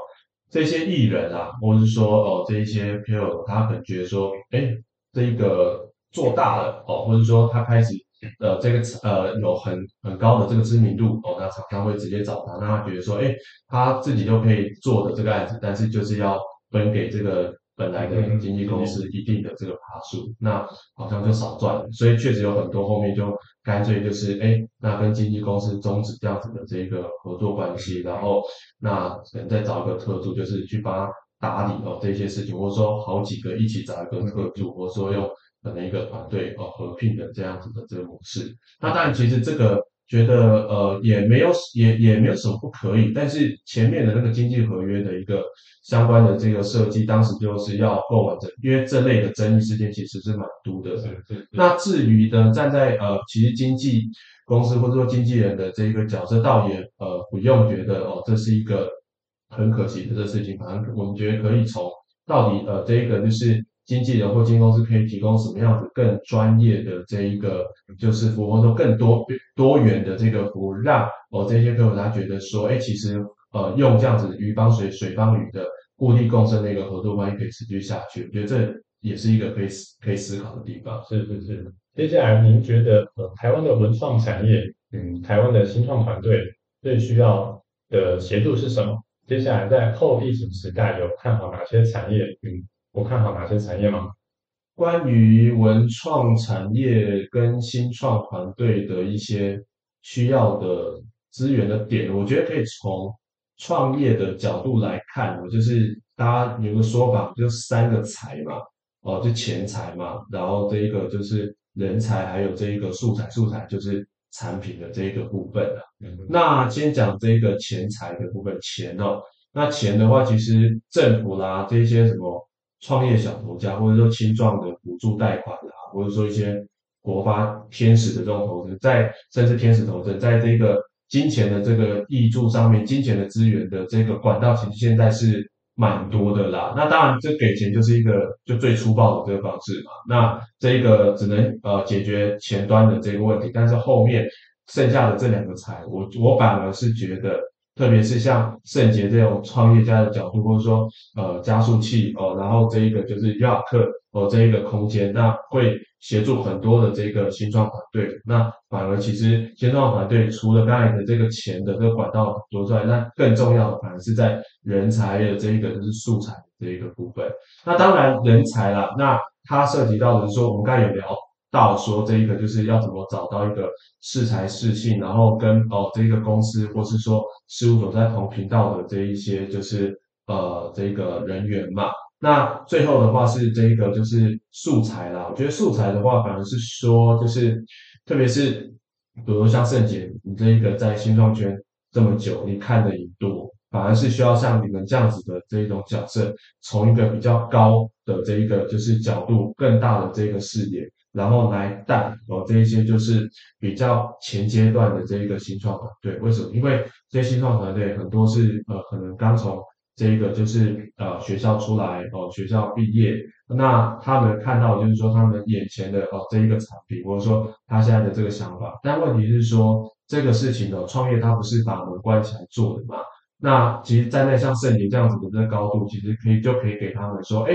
這些藝人啊，或者是說，哦，這一些朋友，他可能覺得說，哎，這一個做大了，哦，或者是說，他開始，呃，這個呃，有很很高的這個知名度，哦，那廠商會直接找他，那他覺得說，哎，他自己就可以做的這個案子，但是就是要分給這個。本來跟經紀公司一定的這個趴數，那好像就少賺了，所以確實有很多後面就乾脆就是哎、欸，那跟經紀公司終止這樣子的這個合作關係，嗯、然後那可能再找一個特助，就是去幫他打理哦這些事情，或者說好幾個一起找一個特助，或者說用可能一個團隊哦合聘的這樣子的這個模式。那當然，其實這個。覺得呃也沒有也也沒有什麼不可以，但是前面的那個經紀合約的一個相關的這個設計，當時就是要夠完整，因為這類的爭議事件其實是蠻多的。對對對。那至於呢，站在呃其實經紀公司或者說經紀人的這一個角色，倒也呃不用覺得哦、呃，這是一個很可惜的這事情。反正我們覺得可以從到底呃這一個就是。經紀人或經紀公司可以提供什麼樣子更專業的這一個，就是服務中更多多元的這個服務，讓哦這些客戶他覺得說，哎，其實呃用這樣子魚幫水水幫魚的互利共生的一個合作關係可以持續下去。我覺得這也是一個可以可以思考的地方。是是是。是是接下來，您覺得呃台灣的文創產業，嗯，台灣的新創團隊最需要的協助是什麼？接下來在後疫情時代，有看好哪些產業？嗯。我看好哪些產業嗎？關於文創產業跟新創團隊的一些需要的資源的點，我覺得可以從創業的角度來看。我就是大家有個說法，就三個財嘛，哦，就錢財嘛，然後這一個就是人才，還有這一個素材，素材就是產品的這一個部分了，啊。嗯嗯，那先講這個錢財的部分，錢哦，那錢的話，其實政府啦這些什麼。創業小頭家，或者說青壯的補助貸款啦、啊，或者說一些國發天使的這種投資，在甚至天使投資，在這個金錢的這個挹注上面，金錢的資源的這個管道其實現在是蠻多的啦。那當然，這給錢就是一個就最粗暴的這個方式嘛。那這個只能呃解決前端的這個問題，但是後面剩下的這兩個財，我我反而是覺得。特別是像勝傑這種創業家的角度，或者說呃加速器哦、呃，然後這一個就是雅客哦這一個空間，那會協助很多的這個新創團隊。那反而其實新創團隊除了剛才的這個錢的這個管道多出來，那更重要的反而是在人才的這一個就是素材的這一個部分。那當然人才啦，那它涉及到的是說我們剛才有聊。到說這一個就是要怎麼找到一個適才適性，然後跟哦、呃、這一個公司或是說事務所在同頻道的這一些就是呃這個人員嘛。那最後的話是這一個就是素材啦，我覺得素材的話反而是說就是特別是比如像勝傑，你這一個在新創圈這麼久，你看的也多，反而是需要像你們這樣子的這一種角色，從一個比較高的這一個就是角度，更大的這個視野。然後來帶哦，這一些就是比較前階段的這一個新創團隊。為什麼？因為這些新創團隊很多是呃，可能剛從這一個就是呃學校出來哦，學校畢業。那他們看到就是說他們眼前的哦這一個產品，或者說他現在的這個想法。但問題是說這個事情呢、哦，創業它不是把門關起來做的嘛？那其實站在那像勝傑這樣子的這高度，其實可以就可以給他們說，哎，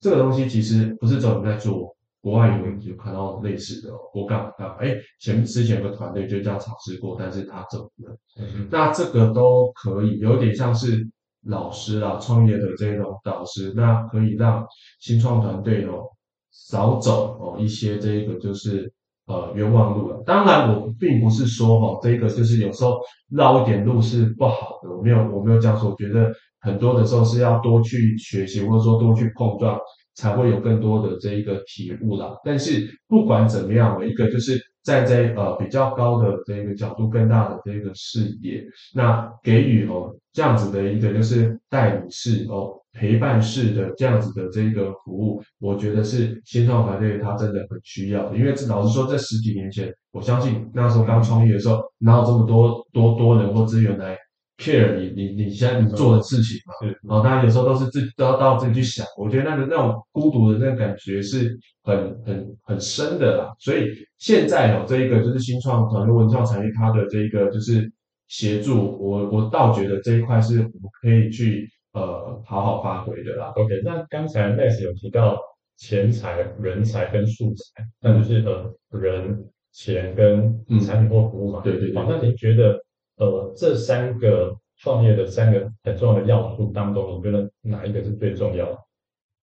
這個東西其實不是只有你在做。國外有有看到類似的，哦，我剛好哎，前之前有個團隊就這樣嘗試過，但是他走了，嗯、那這個都可以，有點像是老師啊、創業的這種導師，那可以讓新創團隊哦少走哦一些這個就是呃冤枉路了，啊。當然，我並不是說哦這個就是有時候繞一點路是不好的，我沒有我沒有這樣說，我覺得很多的時候是要多去學習，或者說多去碰撞。才會有更多的這一個體悟啦。但是不管怎麼樣，我一個就是站在這呃比較高的這個角度，更大的這個視野，那給予哦這樣子的一個就是代理式哦陪伴式的這樣子的這個服務，我覺得是新創團隊他真的很需要的。因為老實說，這十幾年前，我相信那時候剛創業的時候，哪有這麼多多多人或資源來？care 你你你現在你做的事情嘛，對、嗯，哦、當然後大家有時候都是自己都要到自己去想，我覺得那個那種孤獨的那個感覺是很很很深的啦。所以現在哦，這一個就是新創，團隊，文創產業，它的這一個就是協助，我我倒覺得這一塊是可以去呃好好發揮的啦。OK，那剛才 Les 有提到錢財、人才跟素材，那就是呃人、錢跟產品或服務嘛，嗯、對對對、哦。那你覺得？呃，這三個創業的三個很重要的要素當中，你覺得哪一個是最重要的？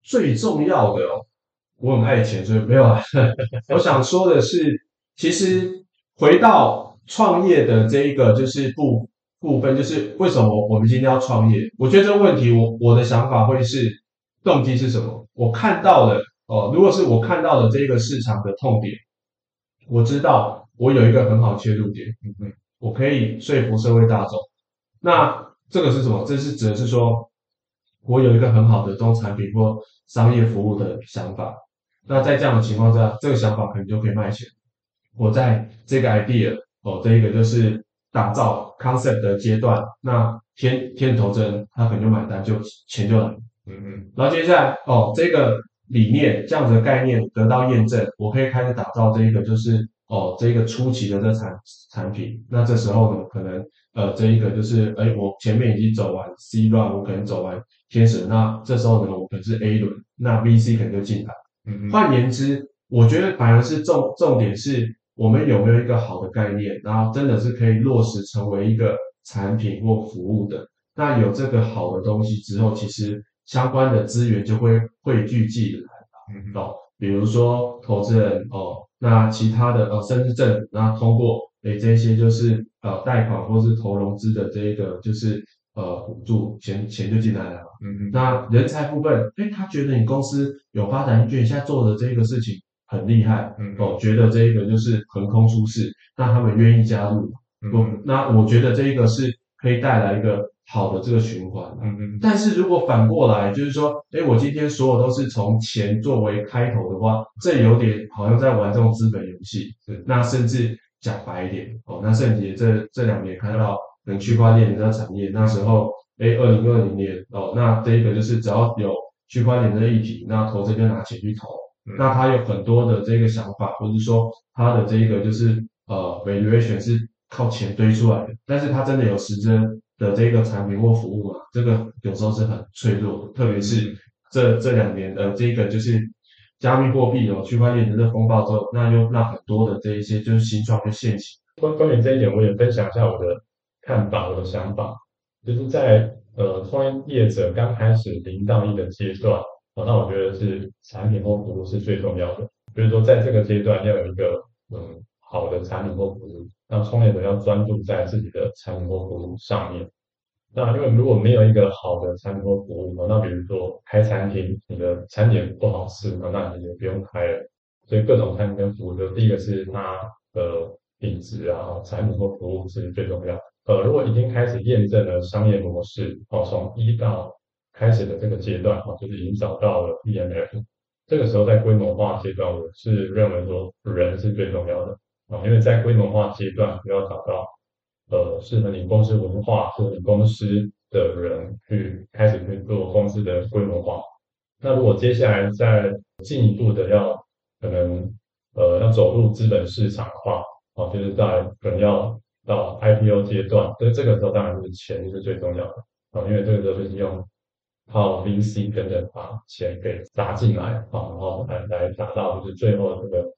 最重要的，哦，我很愛錢，所以沒有啊。 我想說的是，其實回到創業的這一個就是部部分，就是為什麼我們今天要創業？我覺得這個問題，我我的想法會是動機是什麼？我看到的，哦、呃，如果是我看到的這個市場的痛點，我知道我有一個很好切入點，嗯，我可以說服社會大眾，那這個是什麼？這是指的是說，我有一個很好的這種產品或商業服務的想法。那在這樣的情況下，這個想法可能就可以賣錢。我在這個 idea，哦，這一個就是打造 concept 的階段。那天，天投資人他可能就買單就，就錢就來。嗯嗯。然後接下來，哦，這個理念這樣子的概念得到驗證，我可以開始打造這一個就是。哦，這一個初期的這產產品，那這時候呢，可能呃，這一個就是，哎，我前面已經走完 C 輪，run, 我可能走完天使，那這時候呢，我可能是 A 輪，run, 那 B、C 可能就進來。嗯、哼換言之，我覺得反而是重重點是我們有沒有一個好的概念，然後真的是可以落實成為一個產品或服務的。那有這個好的東西之後，其實相關的資源就會匯聚進來。嗯哼。哦，比如說投資人哦。那其他的呃，甚至政府，然後通過誒、欸、這些就是呃貸款或是投融資的這一個就是呃補助錢錢就進來了嘛。嗯嗯哼。那人才部分，誒、欸，他覺得你公司有發展就你現在做的這個事情很厲害，嗯哼，哦，覺得這個就是橫空出世，那他們願意加入。嗯,哼嗯。那我覺得這一個是可以帶來一個。好的這個循環，啊，但是如果反過來，就是說，哎，我今天所有都是從錢作為開頭的話，這有點好像在玩這種資本遊戲。那甚至講白一點哦，那甚至這這兩年看到，等區塊鏈的產業，那時候，哎，二零二零年哦，那這個就是只要有區塊鏈的議題，那投資就拿錢去投，那他有很多的這個想法，或者說他的這一個就是呃 valuation 是靠錢堆出來的，但是他真的有時針。的這個產品或服務嘛、啊，這個有時候是很脆弱的，特別是這這兩年的、呃、這個就是加密貨幣有、哦、區塊鏈的這風暴之後，那又讓很多的這一些就是新創就現形。關關於這一點，我也分享一下我的看法，我的想法，就是在呃創業者剛開始零到一的階段，那我覺得是產品或服務是最重要的，所以說在這個階段要有一個嗯。好的產品或服務，那創業者要專注在自己的產品或服務上面。那因為如果沒有一個好的產品或服務，那比如說，開餐廳，你的餐點不好吃，那那你就不用開了。所以各種產品跟服務，就第一個是它的品質啊，產品或服務是最重要。呃，如果已經開始驗證了商業模式，哦，從一到開始的這個階段，哦，就是已經找到了 PMF，這個時候在規模化階段，我是認為說人是最重要的。哦，因為在規模化階段，你要找到呃適合你公司文化、適合你公司的人去開始去做公司的規模化。那如果接下來再進一步的要可能呃要走入資本市場的話，哦，啊，就是在可能要到 IPO 階段，所以這個時候當然就是錢是最重要的啊，因為這個時候就是用靠 VC 等等把錢給砸進來，好，啊，然後來來達到就是最後的這個。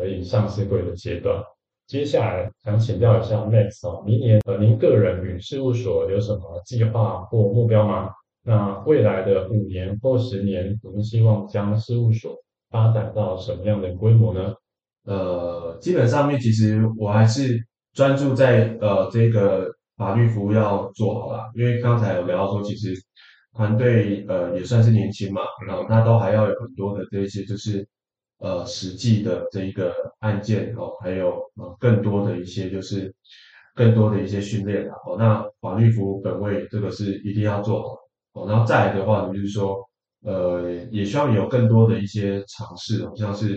可以上市櫃的階段，接下來想請教一下 Max 哦，明年呃，您個人與事務所有什麼計劃或目標嗎？那未來的五年或十年，我們希望將事務所發展到什麼樣的規模呢？呃，基本上面其實我還是專注在呃這個法律服務要做好啦，因為剛才有聊到說，其實團隊呃也算是年輕嘛，然後他都還要有很多的這一些就是。呃，實際的這一個案件哦，還有呃更多的一些就是更多的一些訓練啊哦，那法律服務本位這個是一定要做好哦，然後再來的話就是說呃，也需要有更多的一些嘗試好、哦、像是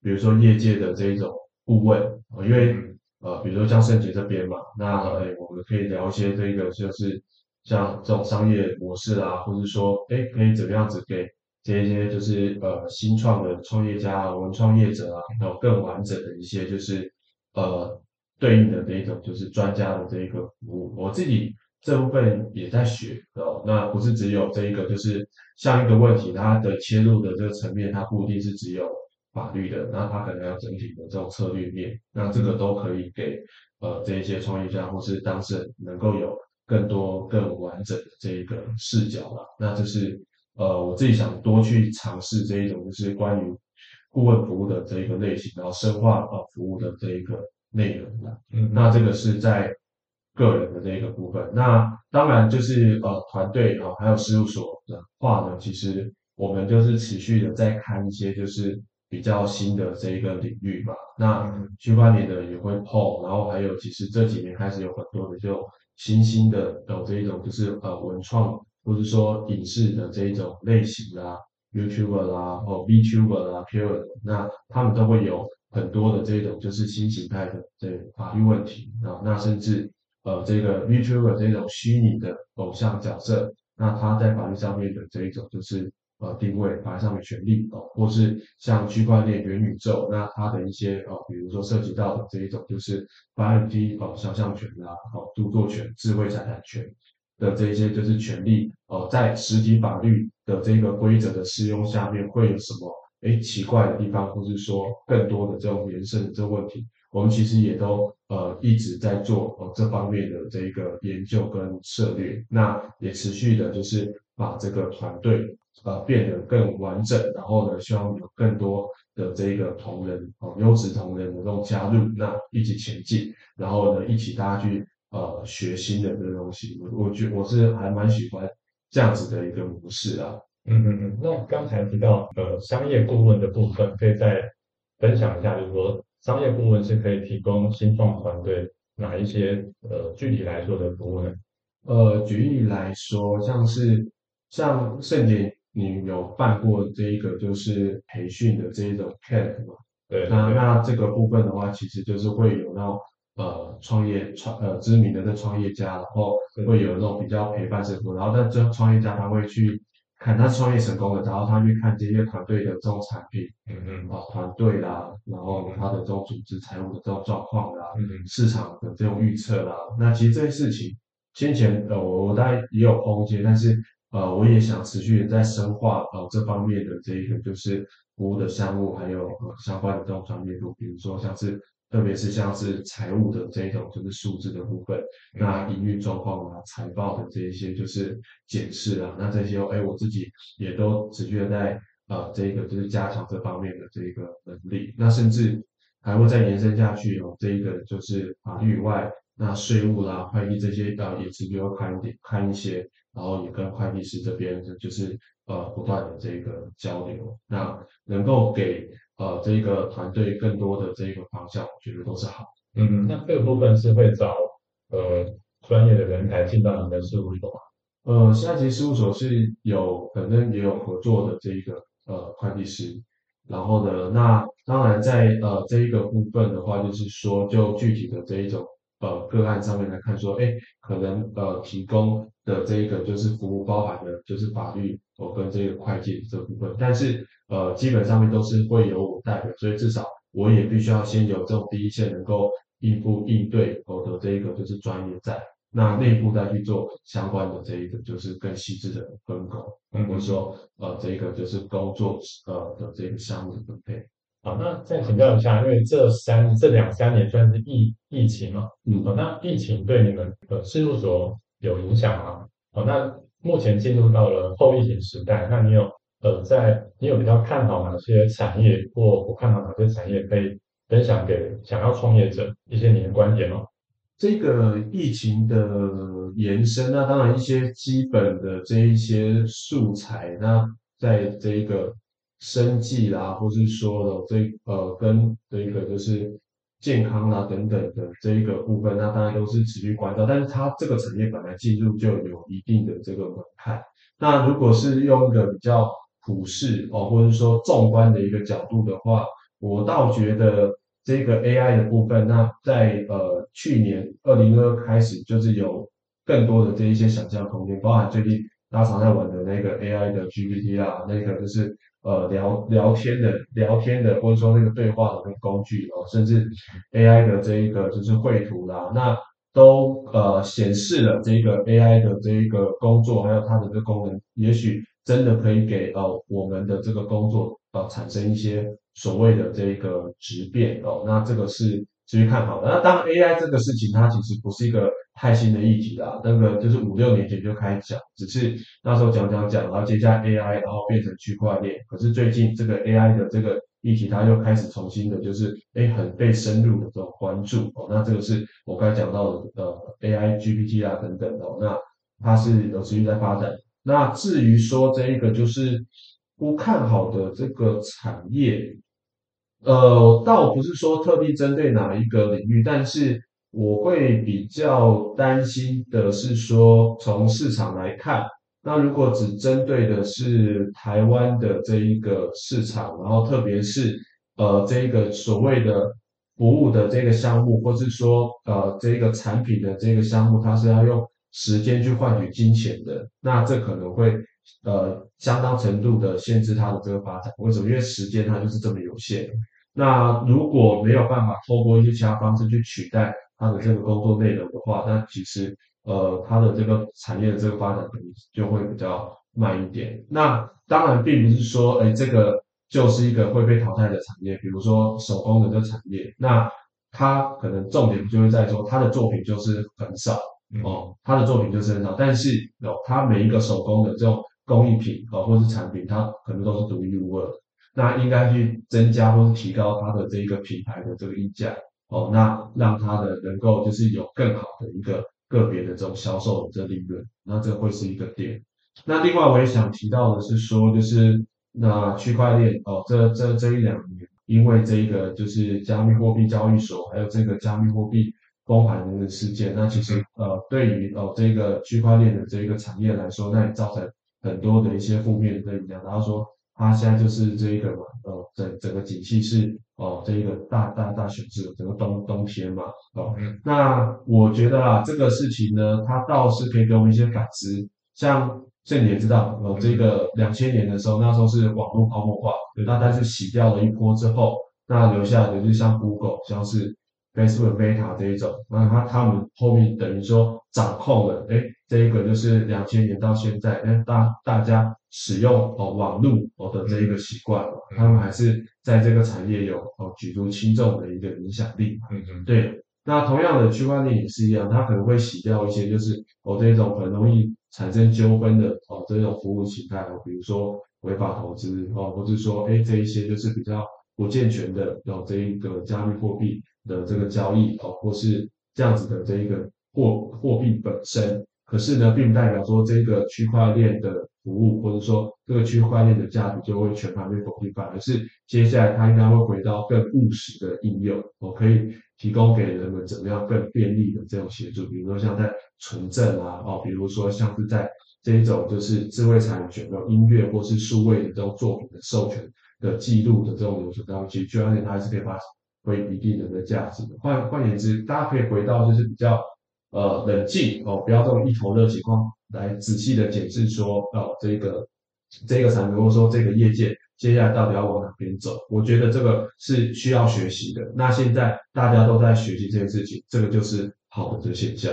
比如說業界的這一種顧問、哦、因為呃，比如說像勝傑這邊嘛，那、呃、我們可以聊一些這個就是像這種商業模式啊，或者說哎可以怎麼樣子給。這一些就是呃新創的創業家啊，文創業者啊，有更完整的一些就是呃對應的這一種就是專家的這一個服務。我自己這部分也在學哦。那不是只有這一個，就是像一個問題，它的切入的這個層面，它不一定是只有法律的，那它可能要整體的這種策略面。那這個都可以給呃這一些創業家或是當事人能夠有更多更完整的這一個視角了，那就是。呃，我自己想多去嘗試這一種，就是關於顧問服務的這一個類型，然後深化呃服務的這一個內容的。那這個是在個人的這一個部分。那當然就是呃團隊啊，還有事務所的話呢，其實我們就是持續的在看一些就是比較新的這一個領域吧。那區塊鏈的也會碰，然後還有其實這幾年開始有很多的這種新興的有、呃、這一種就是呃文創。或者說影視的這一種類型啦、啊、YouTuber 啦、啊，哦、oh，Vtuber 啦、啊、pure，那他們都會有很多的這種就是新形態的這法律問題啊，那甚至呃這個 VTuber 這種虛擬的偶像角色，那他在法律上面的這一種就是呃定位、法律上面的權利哦，或是像區塊鏈元宇宙，那他的一些哦，比如說涉及到的這一種就是版權、哦、哦肖像權啊、哦著作權、智慧財產權。的這些就是權利呃，在實體法律的這個規則的適用下面，會有什麼誒奇怪的地方，或是說更多的這種延伸的這個問題，我們其實也都呃一直在做呃這方面的這個研究跟策略。那也持續的就是把這個團隊呃變得更完整，然後呢，希望有更多的這個同仁呃，優質同仁能夠加入，那一起前進，然後呢，一起大家去。呃，學習的這個東西，我覺得我是還蠻喜歡這樣子的一個模式啊。嗯嗯嗯。那剛才提到呃，商業顧問的部分，可以再分享一下，就是說商業顧問是可以提供新創團隊哪一些呃具體來說的顧問？呃，舉例來說，像是像勝傑，你有辦過這一個就是培訓的這一種 case 嗎？對，對，對那。那那這個部分的話，其實就是會有到。呃，創業創呃知名的這創業家，然後會有那種比較陪伴式服務，然後但這創業家他會去看他創業成功的，然後他去看這些團隊的這種產品，嗯、啊、嗯，啊團隊啦，然後他的這種組織財務的這種狀況啦，嗯市場的這種預測啦，那其實這些事情，先前呃我我大概也有空間，但是呃我也想持續在深化呃這方面的這一個就是服務的項目，還有呃相關的這種專業度，比如說像是。特別是像是財務的這一種，就是數字的部分，嗯、那營運狀況啊、財報的這一些，就是檢視啊，那這些，哎、欸，我自己也都持續在啊、呃，這個就是加強這方面的這一個能力。那甚至還會再延伸下去哦，這一個就是啊，法律以外那稅務啦、啊、會計這些，呃、啊，也是續要看一點看一些，然後也跟會計師這邊就是呃，不斷的這個交流，那能夠給。呃，這個團隊更多的這一個方向，我覺得都是好。嗯,嗯，那這個部分是會找呃專業的人來進到你的事務所嗎？呃，下級事務所是有，可能也有合作的這一個呃會計師。然後呢，那當然在呃這一個部分的話，就是說就具體的這一種呃個案上面來看說，說哎，可能呃提供的這一個就是服務包含的就是法律我、呃、跟這個會計這部分，但是。呃，基本上面都是會有我代表，所以至少我也必須要先有這種第一線能夠應付應對，我的這一個就是專業在，那內部再去做相關的這一個就是更細緻的分工，嗯、哼或者說呃這一個就是工作呃的這個項目的分配。好，那再請教一下，嗯、因為這三這兩三年算是疫疫情嘛、哦，嗯、哦，那疫情對你們的事務所有影響嗎？好、哦，那目前進入到了後疫情時代，那你有？呃，在你有比較看好哪些產業，或我看好哪些產業可以分享給想要創業者一些你的觀點嗎？這個疫情的延伸，那當然一些基本的這一些素材，那在這一個生技啦，或是說的這呃跟這個就是健康啊等等的這一個部分，那當然都是持續關照。但是它這個產業本來進入就有一定的這個門檻，那如果是用一個比較俯視哦，或者說縱觀的一個角度的話，我倒覺得這個 AI 的部分，那在呃去年2022開始，就是有更多的這一些想象空間，包含最近大家常在玩的那個 AI 的 GPT 啊，那個就是呃聊聊天的聊天的，或者說那個對話的那個工具哦、呃，甚至 AI 的這一個就是繪圖啦，那都呃顯示了這個 AI 的這一個工作還有它的這功能，也許。真的可以給呃、哦、我們的這個工作呃、啊、產生一些所謂的這個質變哦，那這個是持續看好的。那當然 AI 這個事情它其實不是一個太新的議題啦，那個就是五六年前就開始講，只是那時候講講講，然後接下來 AI 然後變成區塊鏈，可是最近這個 AI 的這個議題它又開始重新的就是誒很被深入的這種關注哦，那這個是我剛講到的呃 AI GPT 啊等等的哦，那它是有持續在發展。那至於說這一個就是不看好的這個產業，呃，倒不是說特地針對哪一個領域，但是我會比較擔心的是說，從市場來看，那如果只針對的是台灣的這一個市場，然後特別是呃這一個所謂的服務的這個項目，或是說呃這個產品的這個項目，它是要用時間去換取金錢的，那這可能會呃相當程度的限制他的這個發展。為什麼？因為時間它就是這麼有限。那如果沒有辦法透過一些其他方式去取代他的這個工作內容的話，那其實呃他的這個產業的這個發展可能就會比較慢一點。那當然並不是說哎這個就是一個會被淘汰的產業，比如說手工的這個產業，那他可能重點就是在說他的作品就是很少。哦，他的作品就是很好，但是哦，他每一個手工的這種工藝品哦，或者是產品，它可能都是獨一無二的。那應該去增加或是提高它的這一個品牌的這個溢價哦，那讓它的能夠就是有更好的一個個別的這種銷售的這利潤，那這會是一個點。那另外我也想提到的是說，就是那區塊鏈哦，這這這一兩年，因為這一個就是加密貨幣交易所，還有這個加密貨幣。崩盤的那個事件，那其實呃，對於哦、呃、這個區塊鏈的這一個產業來說，那也造成很多的一些負面的影響。然後說，它現在就是這一個嘛，呃，整整個景氣是哦、呃、這一個大大大熊市，整個冬冬天嘛，哦、呃。那我覺得啊，這個事情呢，它倒是可以給我們一些感知。像，最近也知道，哦、呃，這個兩千年的時候，那時候是網絡泡沫化，就大概是洗掉了一波之後，那留下的就是像 Google，像是。Facebook Meta 這一種，那他他們後面等於說掌控了，哎，這一個就是兩千年到現在，哎大大家使用哦網絡哦的這一個習慣了，他們還是在這個產業有哦舉足輕重的一個影響力。嗯嗯。對，那同樣的區塊鏈也是一樣，它可能會洗掉一些就是哦這種很容易產生糾紛的哦這種服務形態哦，比如說違法投資哦，或者說哎這一些就是比較不健全的有這一個加密貨幣。的這個交易哦，或是這樣子的這一個貨貨幣本身，可是呢，並不代表說這個區塊鏈的服務，或者說這個區塊鏈的價值就會全盤被否定，反而是接下來它應該會回到更務實的應用哦，可以提供給人們怎麼樣更便利的這種協助，比如說像在存證啊哦，比如說像是在這一種就是智慧產權的音樂或是數位的這種作品的授權的記錄的這種流程當中，其實就而且它還是可以發為一定人的價值。換換言之，大家可以回到就是比較呃冷靜哦，不要這種一頭熱的情況，來仔細的檢視說哦、呃、這個這個產品或者說這個業界接下來到底要往哪邊走。我覺得這個是需要學習的。那現在大家都在學習這件事情，這個就是好的這個現象。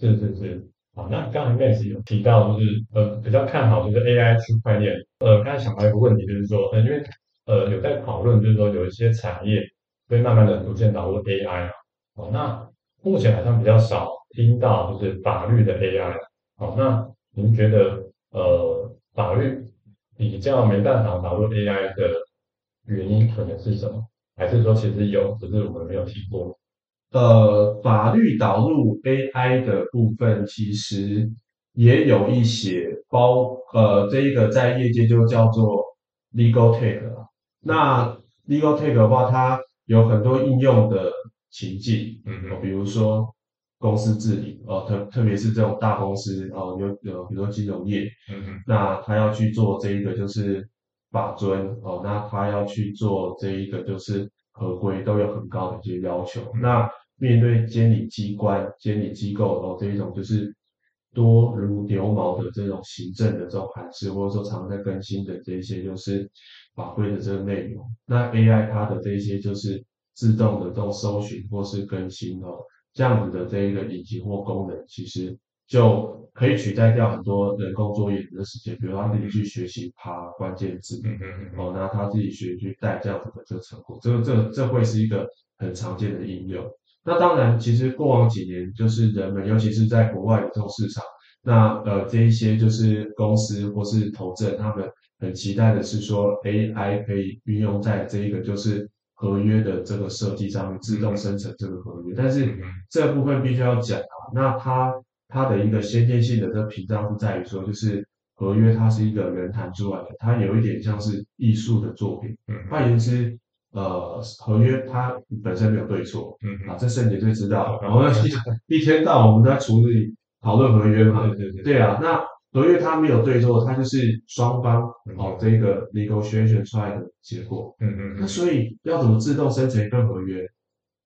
是是是。好，那剛才應該也是有提到就是呃比較看好這個 AI 區塊鏈。呃，剛才想到一個問題，就是說、呃、因為呃有在討論就是說有一些產業。所以慢慢的逐漸導入 AI 啊，哦，那目前好像比較少聽到就是法律的 AI 啊，哦，那您覺得呃法律比較沒辦法導入 AI 的原因可能是什麼？還是說其實有，只是我們沒有聽過？呃，法律導入 AI 的部分其實也有一些，包呃這一個在業界就叫做 legal tech 啊，那 legal tech 的話，它有很多應用的情境，嗯，比如說公司治理哦，特特別是這種大公司哦，有有比如說金融業，嗯哼那他要去做這一個就是法遵，哦，那他要去做這一個就是合規，都有很高的一些要求。那面對監理機關、監理機構哦，這一種就是。多如牛毛的這種行政的這種函式，或者說常在更新的這些就是法規的這個內容。那 AI 它的這些就是自動的都搜尋或是更新哦，這樣子的這一個引擎或功能，其實就可以取代掉很多人工作業的時間。比如他自己去學習爬關鍵字，哦，那他自己學去帶這樣子的就成功，這個、這個、這個會是一個很常見的應用。那當然，其實過往幾年，就是人們，尤其是在國外的這種市場，那呃，這一些就是公司或是投資人，他們很期待的是說，AI 可以運用在這一個就是合約的這個設計上面，自動生成這個合約。但是這部分必須要講啊，那它它的一個先天性的這個屏障是在於說，就是合約它是一個人談出來的，它有一點像是藝術的作品。換言之。呃，合約它本身沒有對錯，嗯哼，啊，這是你最知道。嗯、哼然後們一,一天到晚，我們在處理討論合約嘛，對對對，對啊。那合約它沒有對錯，它就是雙方、嗯、哼哦這個 negotiation 出來的結果，嗯嗯哼。那所以要怎麼自動生成一份合約？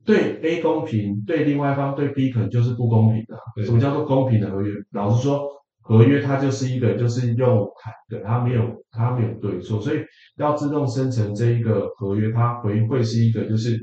對 A 公平，對另外一方對 B 可能就是不公平的、啊。對對什麼叫做公平的合約？老實說。合約它就是一個，就是用看的，它沒有它沒有對錯，所以要自動生成這一個合約，它回會是一個就是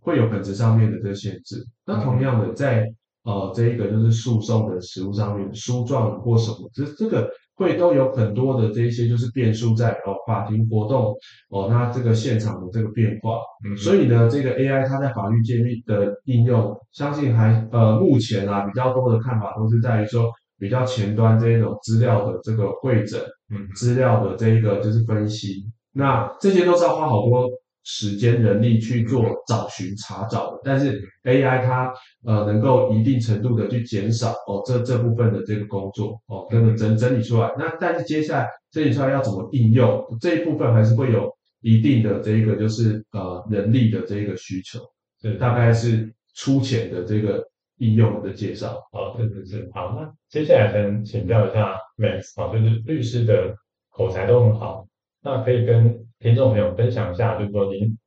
會有本質上面的這限制。那同樣的在，在、嗯、呃這一個就是訴訟的實務上面，訴狀或什麼，這這個會都有很多的這一些就是變數在哦，法庭活動哦，那這個現場的這個變化，嗯嗯所以呢，這個 AI 它在法律界立的應用，相信還呃目前啊比較多的看法都是在於說。比較前端這一種資料的這個彙整，嗯哼，資料的這一個就是分析，那這些都是要花好多時間、人力去做找尋、查找的。但是 AI 它呃能夠一定程度的去減少哦這這部分的這個工作哦，跟着整整理出來。嗯、哼那但是接下來整理出來要怎麼應用這一部分，還是會有一定的這一個就是呃人力的這一個需求。對是，大概是粗淺的這個。應用的介紹。好，是是是，好，那接下來先請教一下 Max 啊，就是律師的口才都很好，那可以跟聽眾朋友分享一下，就是說您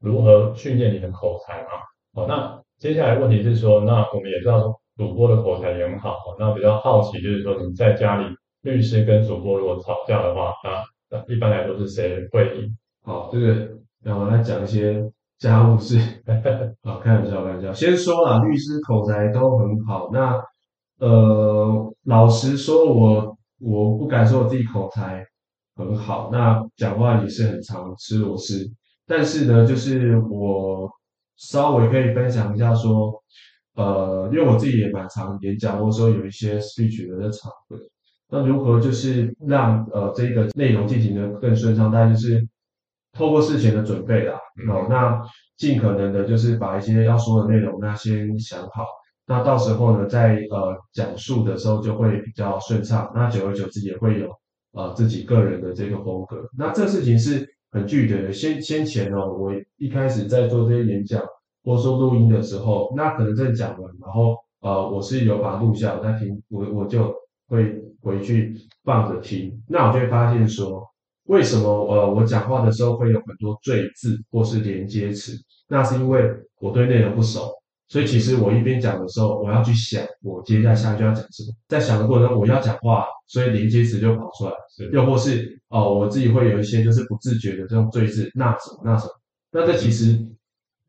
如何訓練你的口才啊？好，那接下來問題是說，那我們也知道主播的口才也很好，好那比較好奇就是說，你在家裡律師跟主播如果吵架的話，那那一般來說是誰會贏？好，就是然後來講一些。家務事啊，開玩笑，開玩笑。先說啦，律師口才都很好。那呃，老實說我，我我不敢說我自己口才很好，那講話也是很常吃螺絲。但是呢，就是我稍微可以分享一下說，呃，因為我自己也蠻常演講，或者說有一些 speech 的那場合。那如何就是讓呃這個內容進行的更順暢？但就是。透過事前的準備啦，哦，那盡可能的，就是把一些要說的內容，那先想好，那到時候呢，在呃講述的時候就會比較順暢，那久而久之也會有呃自己個人的這個風格。那這事情是很具體的，先先前哦，我一開始在做這些演講或說錄音的時候，那可能在講完，然後呃我是有把錄像那聽，我我就會回去放着聽，那我就會發現說。為什麼呃，我講話的時候會有很多贅字或是連接詞？那是因為我對內容不熟，所以其實我一邊講的時候，我要去想我接下來下一句要講什麼，在想的過程中，我要講話，所以連接詞就跑出來。又或是哦、呃，我自己會有一些就是不自覺的這種贅字，那什麼那什麼。那這其實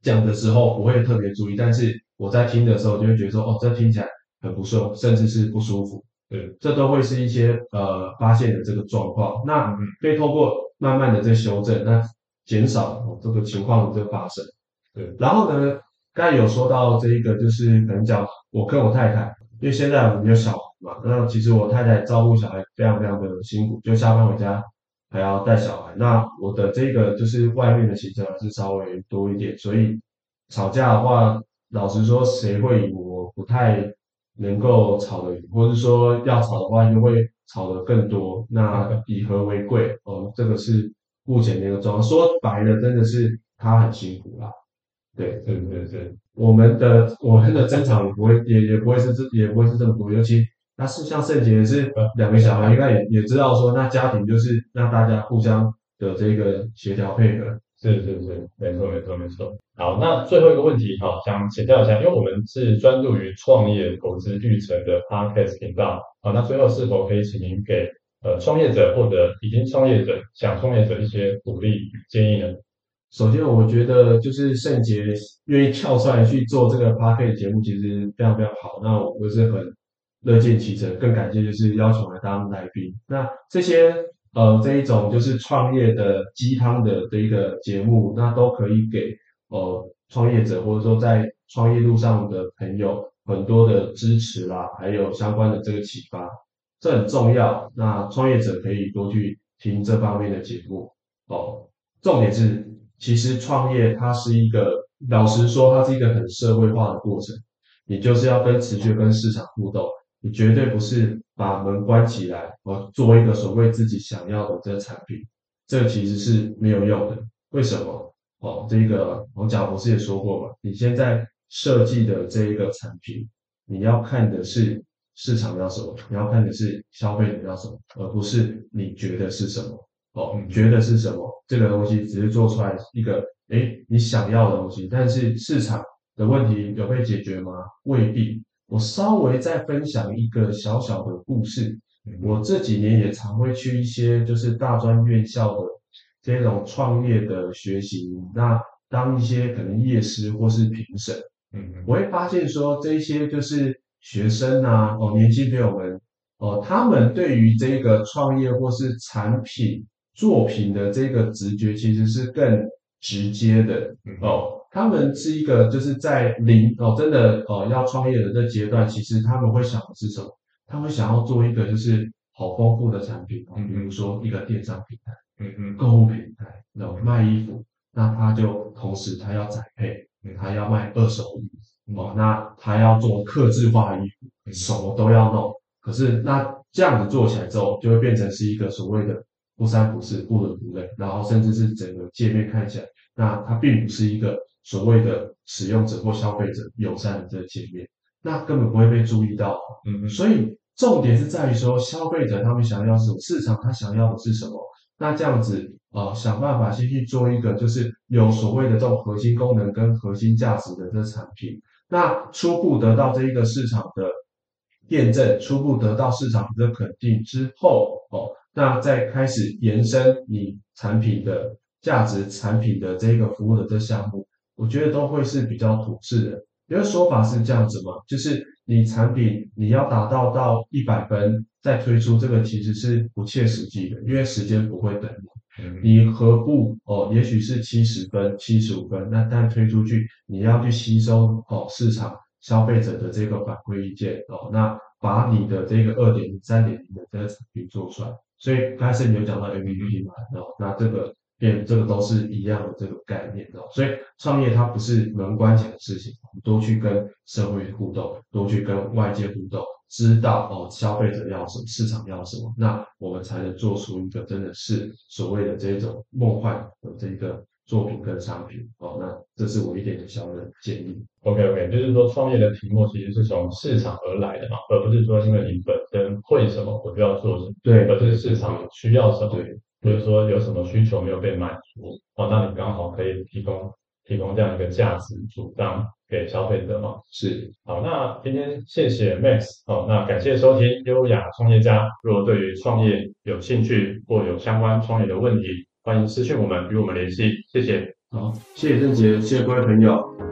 講的時候我會特別注意，但是我在聽的時候就會覺得說，哦，這聽起來很不順，甚至是不舒服。對，這都會是一些呃發現的這個狀況，那可以透過慢慢的在修正，那減少了這個情況的這個發生。對，然後呢，剛才有說到這一個就是可能講我跟我太太，因為現在我們有小孩嘛，那其實我太太照顧小孩非常非常的辛苦，就下班回家還要帶小孩，那我的這個就是外面的行程還是稍微多一點，所以吵架的話，老實說誰會贏？我不太。能夠吵的，或是說要吵的話，就會吵的更多。那以和為貴，哦、呃，這個是目前的一個狀況，說白了，真的是他很辛苦啦、啊。對，對對對，我們的我們的爭吵也不會，也也不會是這，也不會是這麼多。尤其那是像勝傑也是兩個小孩，應該也也知道說，那家庭就是讓大家互相的這個協調配合。是是是，沒錯沒錯沒錯。好，那最後一個問題，好，想請教一下，因為我們是專注於創業投資旅程的 podcast 頻道，好，那最後是否可以請您給呃創業者或者已經創業者、想創業者一些鼓勵建議呢？首先，我覺得就是勝傑願意跳出來去做這個 podcast 節目，其實非常非常好，那我是很樂見其成，更感謝就是邀請我來當來賓。那這些。呃，這一種就是創業的雞湯的這一個節目，那都可以給呃創業者或者說在創業路上的朋友很多的支持啦、啊，還有相關的這個啟發，這很重要。那創業者可以多去聽這方面的節目。哦、呃，重點是，其實創業它是一個，老實說，它是一個很社會化的過程，你就是要跟持續跟市場互動。你絕對不是把門關起來，哦，做一個所謂自己想要的這個產品，這其實是沒有用的。為什麼？哦，這個我們賈博士也說過嘛，你現在設計的這一個產品，你要看的是市場要什麼，你要看的是消費者要什麼，而不是你覺得是什麼。哦，你、嗯、覺得是什麼？這個東西只是做出來一個，哎、欸，你想要的東西，但是市場的問題有被解決嗎？未必。我稍微再分享一個小小的故事。我這幾年也常會去一些就是大專院校的這種創業的學習，那當一些可能業師或是評審，我會發現說，這些就是學生啊，哦，年輕朋友們，哦，他們對於這個創業或是產品作品的這個直覺，其實是更直接的哦。他們是一個，就是在零哦，真的哦、呃，要創業的這階段，其實他們會想的是什麼？他會想要做一個就是好豐富的產品，哦、比如說一個電商平台，嗯嗯，嗯購物平台，那、嗯、賣衣服，那他就同時他要宅配，嗯、他要賣二手衣，哦、嗯啊，那他要做客製化的衣服，什麼、嗯、都要弄。可是那這樣子做起來之後，就會變成是一個所謂的不三不四、不倫不類，然後甚至是整個界面看起來，那它並不是一個。所謂的使用者或消費者友善的這介面，那根本不會被注意到。嗯，所以重點是在於說，消費者他們想要什麼，市場他想要的是什麼。那這樣子啊、呃，想辦法先去做一個，就是有所謂的這種核心功能跟核心價值的這產品。那初步得到這一個市場的驗證，初步得到市場的肯定之後，哦，那再開始延伸你產品的價值、產品的這一個服務的這項目。我覺得都會是比較土氣的。因為說法是這樣子嘛，就是你產品你要達到到一百分再推出這個其實是不切實際的，因為時間不會等你。你何不哦，也許是七十分，七十五分，那但推出去你要去吸收哦市場消費者的這個反饋意見哦，那把你的這個二點零、三點零的這個產品做出來。所以剛才是你有講到 MVP 嘛，哦，那這個。變、yeah, 這個都是一樣的這個概念的哦，所以創業它不是門關起的事情，多去跟社會互動，多去跟外界互動，知道哦消費者要什麼，市場要什麼，那我們才能做出一個真的是所謂的這種夢幻的這個作品跟商品哦。那這是我一點小小的建議。OK OK，就是說創業的題目其實是從市場而來的嘛，而不是說因為你本身會什麼，我就要做什麼，對，而是市場需要什麼。對比如說有什麼需求沒有被滿足，哦，那你剛好可以提供提供這樣一個價值主張給消費者嘛？是。好，那今天謝謝 Max，好，那感謝收聽《優雅創業家》。如果對於創業有興趣或有相關創業的問題，歡迎私訊我們與我們聯繫。謝謝。好，謝謝勝傑，嗯、謝謝各位朋友。